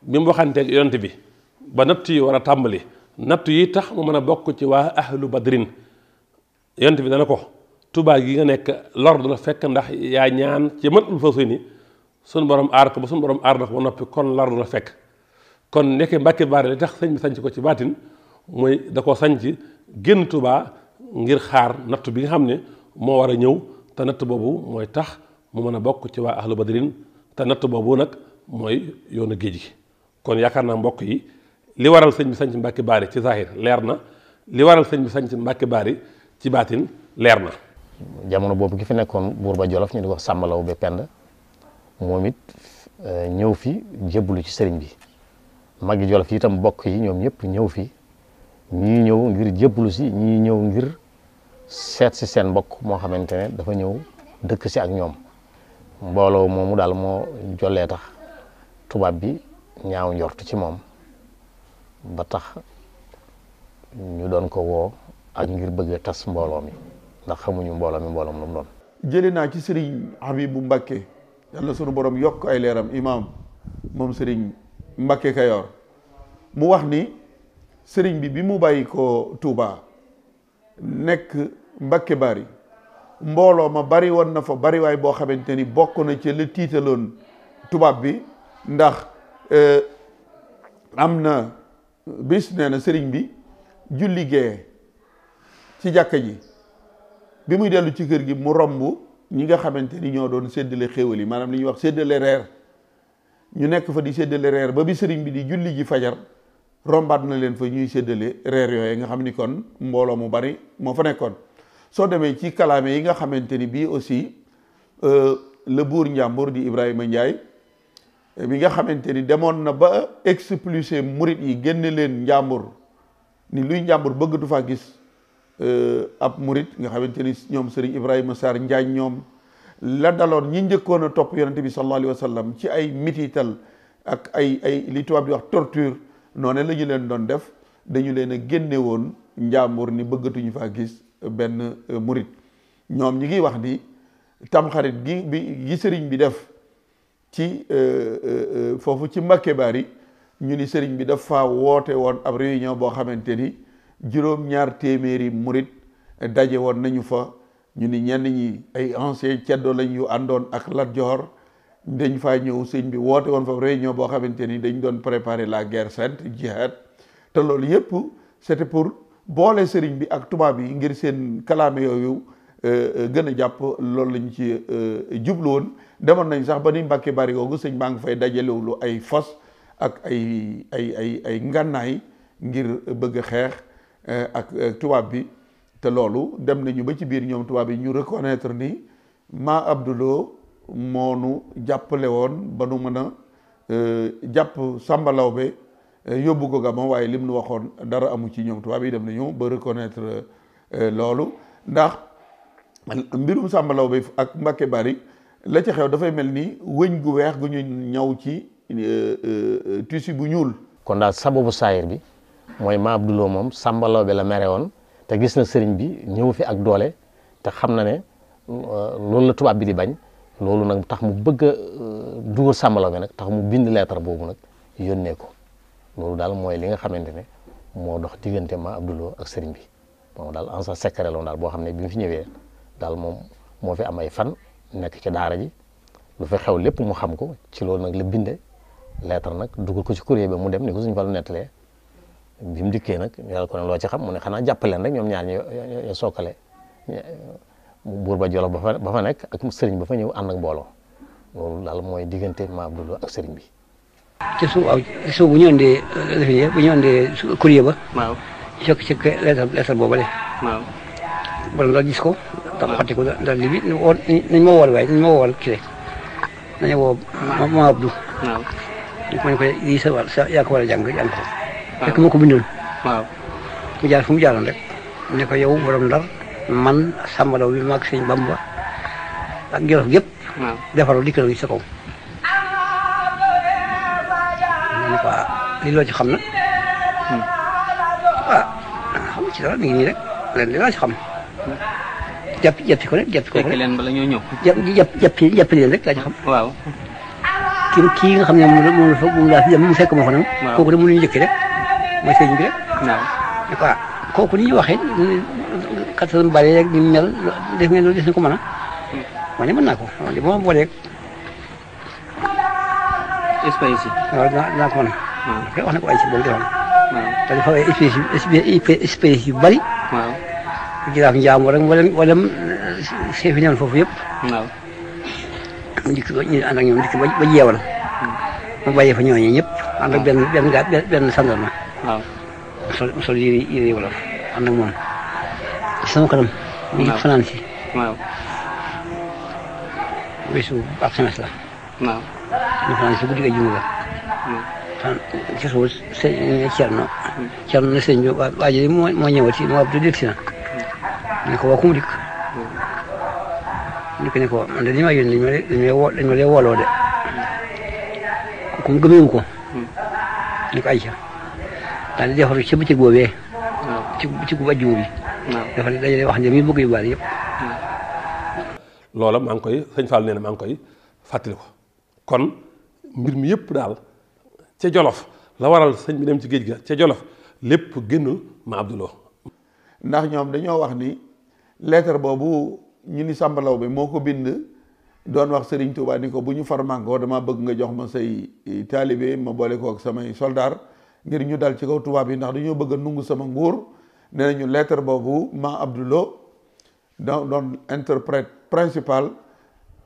bi mu waxanteeg yonent bi ba natt yi war a tàmbali nattu yi tax mu mën a bokk ci waa ahlu badrin yonent bi dana ko tubaa gi nga nekk lor du fekk ndax yaa ñaan ci mën ul fa suy ni suñ borom aar ko ba suñ borom aar na ko ba noppi kon lor du fekk kon nekkee mbàkke baare li tax sëñ bi sanc ko ci baatin mooy da ko sanc génn tubaa ngir xaar nattu bi nga xam ne moo war a ñëw te nattu boobu mooy tax mu mën a bokk ci waa ahlu badrin te nattu boobu nag mooy yoonu géej gi kon yaakaar naa mbokk yi li waral sëñ bi sanc mbakki Baari ci zahir leer na li waral sëñ bi sanc Mbàkke Baari ci baatin leer na jamono boobu ki fi nekkoon buur ba jolof ñu di wax sàmbalaw ba pend moom it euh, ñëw fi jébbalu ci sëriñ bi magi jolof yi itam yi ñoom ñëpp ñëw fi ñii ñëw ngir jébbalu si ñii ñëw ngir seet si seen mbokk moo xamante ne dafa ñëw dëkk si ak ñoom mbooloo moomu daal moo jollee tax tubaab bi ñaaw njort ci moom ba tax ñu doon ko woo ak ngir bëgg a tas mbooloo mi ndax xamuñu mbooloo mbooloom lu mu doon jëli naa ci sëriñ Habibu Mbakke yàlla sunu boroom yokk ay leeram imaam moom sëriñ Mbakke Kayoor mu wax ni sëriñ bi bi mu bàyyi ko Touba nekk Mbakke Bari mbooloo ma bari na fa bariwaay boo xamante ni bokk na ci li tiitaloon tubaab bi ndax euh, am na bis nee na sëriñ bi julli gee ci jàkka ji bi muy dellu ci kër gi mu romb ñi nga xamante ni ñoo doon séddale xéewal yi maanaam li ñuy wax séddale reer ñu nekk fa di séddale reer ba bi sëriñ bi di julli ji fajar rombaat na leen fa ñuy séddale reer yooyu nga xam ni kon mbooloo mu bari moo fa nekkoon soo demee ci kalaame yi nga xamante ni bii aussi euh, le buur njàmbur di Ibrahima Ndiaye bi nga xamante ni demoon na ba expulsé murit yi génne leen njàmbur ni luy njàmbur bëgg du faa gis euh, ab murit nga xamante ni ñoom sëriñ Ibrahima Sarr Njaañ ñoom la daloon ñi njëkkoon a topp yonente bi sallallahu alayhi wa ci ay mitital ak ay ay li tubaab di wax torture noone la ñu leen doon def dañu leen a génne woon njàmbur ni bëggatuñu faa gis benn euh, murit ñoom ñi ngi wax ni tamxarit gi gi sëriñ bi def ci euh, euh, euh, foofu ci Mbacké Bari ñu ni sëriñ bi dafa woote woon ab réunion boo xamante ni juróom-ñaar téeméeri murit daje woon nañu fa ñu ni ñenn ñi ay ancien ceddo lañ yu àndoon ak Lat Joor dañ faa ñëw sëñ bi woote woon fa réunion boo xamante ni dañ doon préparer la guerre sainte jihad te loolu yëpp c'était pour boole sëriñ bi ak tubaab yi ngir seen kalaame yooyu gën a jàpp loolu lañ ci jublu woon demoon nañ sax ba ni Mbàkke bari googu sëñ baa ngi fay dajalewuloo ay fos ak ay ay ay ay ngànnaay ngir bëgg xeex eh, ak eh, tubaab bi te loolu dem nañu ba ci biir ñoom tubaab yi ñu reconnaître ni maa Abdouloo moonu jàppale woon ba nu mën a eh, jàpp Samba Lawbe yóbbu ko Gabon waaye lim nu waxoon dara amu ci ñoom tubaab yi dem nañu ba reconnaître loolu ndax mbirum Samba Lawbe ak Mbàkke bari la ca xew dafay mel ni wëñ gu weex gu ñu ñaw ci euh, euh, euh, tissu bu ñuul. kon daal sababu saayir bi mooy ma Abdouloo moom Samba Laobé la mere woon te gis na sëriñ bi ñëw fi ak doole te xam na ne loolu la tubaab bi di bañ loolu nag tax mu bëgg a dugal Samba Laobé nag tax mu bind lettre boobu nag yónnee ko loolu daal mooy li nga xamante ne moo dox diggante ma Abdouloo ak sëriñ bi moom daal en sa secret daal boo xam ne bi mu fi ñëwee daal moom moo fi am ay fan. nekk ci daara ji lu xew lépp mu xam ko ci loolu nag la binde lettre nag dugal ko ci courrier ba mu dem ni ko suñu fa lu nettalee bi mu dikkee nag yàlla ko ne loo ci xam mu ne xanaa jàppaleen rek ñoom ñaar ñu sokkale buur ba jolof ba fa nekk ak sëriñ ba fa ñëw ànd ak mbooloo loolu daal mooy diggante ma Abdou Lo ak bi. ci suuf bu ñu andee bu ba. ma yokk ci lettre boobale. borom daal gis ko tam xati ko daal li bi nañ ma wool waaye nañ ma wool kii rek ñu ko ñu koy lii sa yaa ko war a ma ko bindoon. waaw mu jaar fu mu jaaroon ko yow borom man Samba Law bi maag sëñ Bamba ak ci xam na. ah ci dara mi ngi nii rek leen li ci xam. jàpp jàppi ko rek jàppi ko rek fekk leen bala ñoo ñëw. jàpp jàppi jàppi leen rek laa xam. kii kii nga xam ne moom la moom sekk fa moom laa fi dem mu fekk ma fa nag. waaw kooku de bi rek. kooku ni ñu waxee kattan bari rek ni mel def ngeen loolu des na ko mën a. Hmm. ma naa ko waaw li ma booleeg. espace yi. waaw dinaa dinaa ko mën a. waaw hmm. wax na ko ay si boobu defoon. waaw hmm. te dafa ay espace yu espace bari. jiraaf njaamu rek wala wala eh, chef yi newoon foofu yëpp. waaw mu dikk ba ñu ànd ak ñoom dikk ba jeewal. mu bàyyee fa ñooñu ñëpp. waaw ànd ak benn benn gaa benn sandarma. waaw sol mu ngi fanaan si. waaw. weesu ak semence la. waaw mu fanaan si guddi hmm. ci suuf Cerno. Eh, hmm. moo moo ñëwati moo ab du dégg si na. mu ne ko woo ku mu dikk mu dikk ne ko man de li ma yónni dañu ma leen dañu ma de kooku gëmeewu ko. ci bëccëg boobee. ci bëccëgu ajjuma bi. dafa dajale wax ne mi bëgg yu bari yëpp. koy sëñ Fall nee ngi koy fàttali ko kon mbir mi yëpp daal ca Jolof la waral sëñ bi ci géej ga ca Jolof lépp génnul ma Abdou ndax ñoom dañoo wax ni lettre boobu ñu ni sàmbalaw bi moo ko bind doon wax Serigne Touba ni ko bu ñu far mànkoo dama bëgg nga jox ma say e, taalibe ma boole ko ak samay soldaar ngir ñu dal ci kaw tubaab yi ndax dañoo bëgg nungu sama nguur nee ñu lettre boobu ma Abdoulo doon doon interprète principal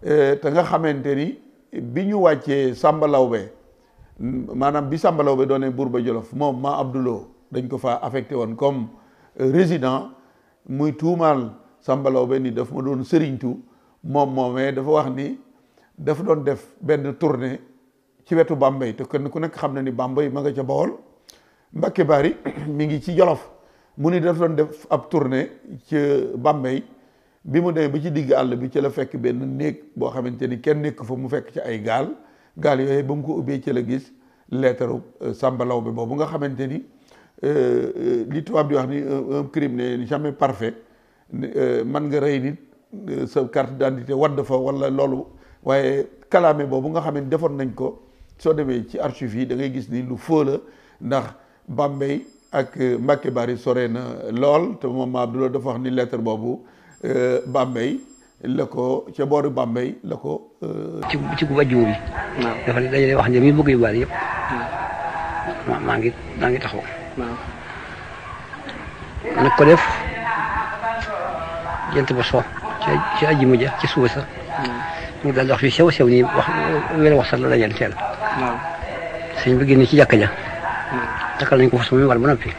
e, te nga xamante ni bi ñu wàccee Samba Lawbe maanaam bi Samba Lawbe doone Buurba Jolof moom ma Abdoulo dañ ko fa affecté woon comme résident muy tuumaal Samba Laobé ni daf ma doon sëriñtu moom moomee dafa wax ni daf doon def benn tournée ci wetu Bambey te kenn ku nekk xam na ni bàmba Bambey ma nga ca Bawol Mbakke Bari mi ngi ci Jolof mu ni dafa doon def ab tournée ci Bambey bi mu demee ba ci digg àll bi ci la fekk benn néeg boo xamante ni kenn nekk fa mu fekk ci ay gaal gaal yooyu ba mu ko ubbee ci la gis leetaru euh, Samba bi boobu nga xamante ni euh, euh, li tubaab di wax ni un crime n'est jamais parfait Euh, man nga rey nit euh, sa carte d'identité wadd fa wala loolu waaye kalaame boobu nga xam ne defoon nañ ko soo demee ci archive yi da gis ni lu fóo la ndax Bambey ak euh, Mbacke yi sore na lool te moom ma Abdoulaye dafa wax ni lettre boobu Bambey la ko ca booru Bambey la ko. ci ci ku wàjjoo bi. dafa ne mi bëgg yu bari yëpp. maa maa maa ngi taxaw. waaw. ko def. jant ba so ci ci aji mu ja ci suba sa ñu daal di wax sew sew nii wax wenn wax sax la dajeen teel sëñ bi ci jàkka ja takkal nañ ko fas mu war ba noppi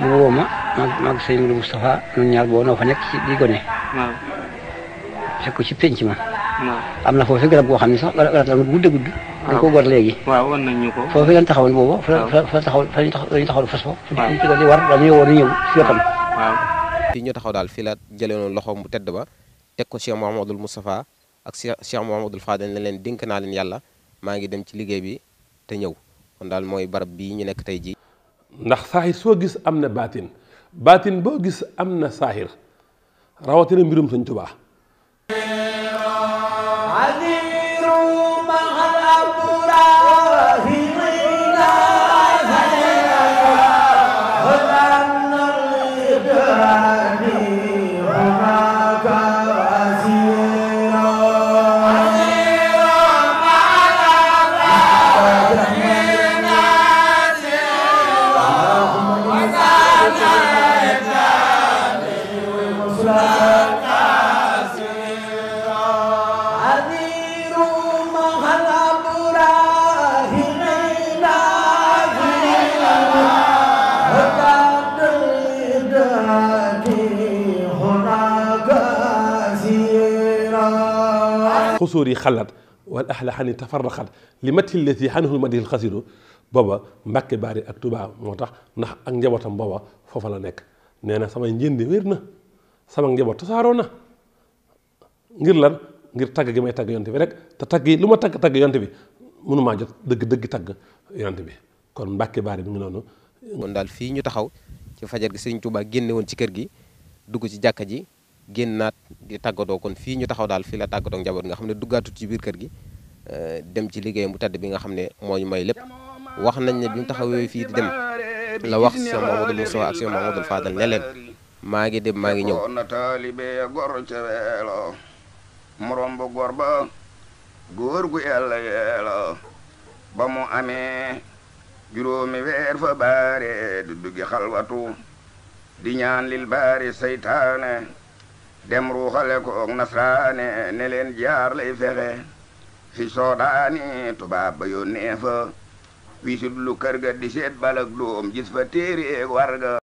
mu woo ma maag sëñ Modou Moustapha ñun ñaar boo noo fa nekk ci di gone fekk ci penc ma am na foofu garab goo xam ne sax garab la gudd a gudd dañ ko gor léegi waaw wan nañ ñu ko foofu lañ taxawoon booba fa fa taxaw fa lañ taxaw fas fa di ko di war dañuy woo ñu ñëw si wetam fii ñu taxaw daal fii la jëlee woon loxoom bu tedd ba teg ko Cheikh Mouhamadul Moustapha ak Cheikh Mouhamadul Fadel na leen dénk naa leen yàlla maa ngi dem ci liggéey bi te ñëw kon daal mooy barab bii ñu nekk tey jii ndax saaxir soo gis am na baatin baatin boo gis am na saaxir rawatina mbirum Sëñ Tuubaa usóori xalaat wal ahla xani tafarraxat li matti lati ma madihil xasidu booba mbàkke baari ak tubaa moo tax ndax ak njabootam booba foofa la nekk nee na samay njëndi wér na sama njaboot tasaaroo na ngir lan ngir tagg gi may tagg yonte bi rek te tagg yi lu ma tagg tagg yont bi mënumaa jot dëgg dëgg tagg yonte bi kon mbàkke baari bi ngi noonu kon daal fii ñu taxaw ci fajar gi sëriñ Tuubaa génne ci kër gi dugg ci jàkka ji génnaat di tàggatoo kon fii ñu taxaw daal fii la tàggatoo njaboot nga xam ne duggaatut ci biir kër gi euh, dem ci liggéey bu tedd bi nga xam ne moo ñu may lépp wax nañ ne bi mu taxawee fii di dem la wax Cheikh Mamadou maa ngi dem maa ngi ñëw na taalibee ya gor ba góor gu yàlla yeelo amee juróomi di ñaan lil dem ruuxale koog nasraane ne leen jaar lay fexe fi soodaani tubaab ba yónnee fa wisit lu kër ga di seet balak doom gis fa téereeg warga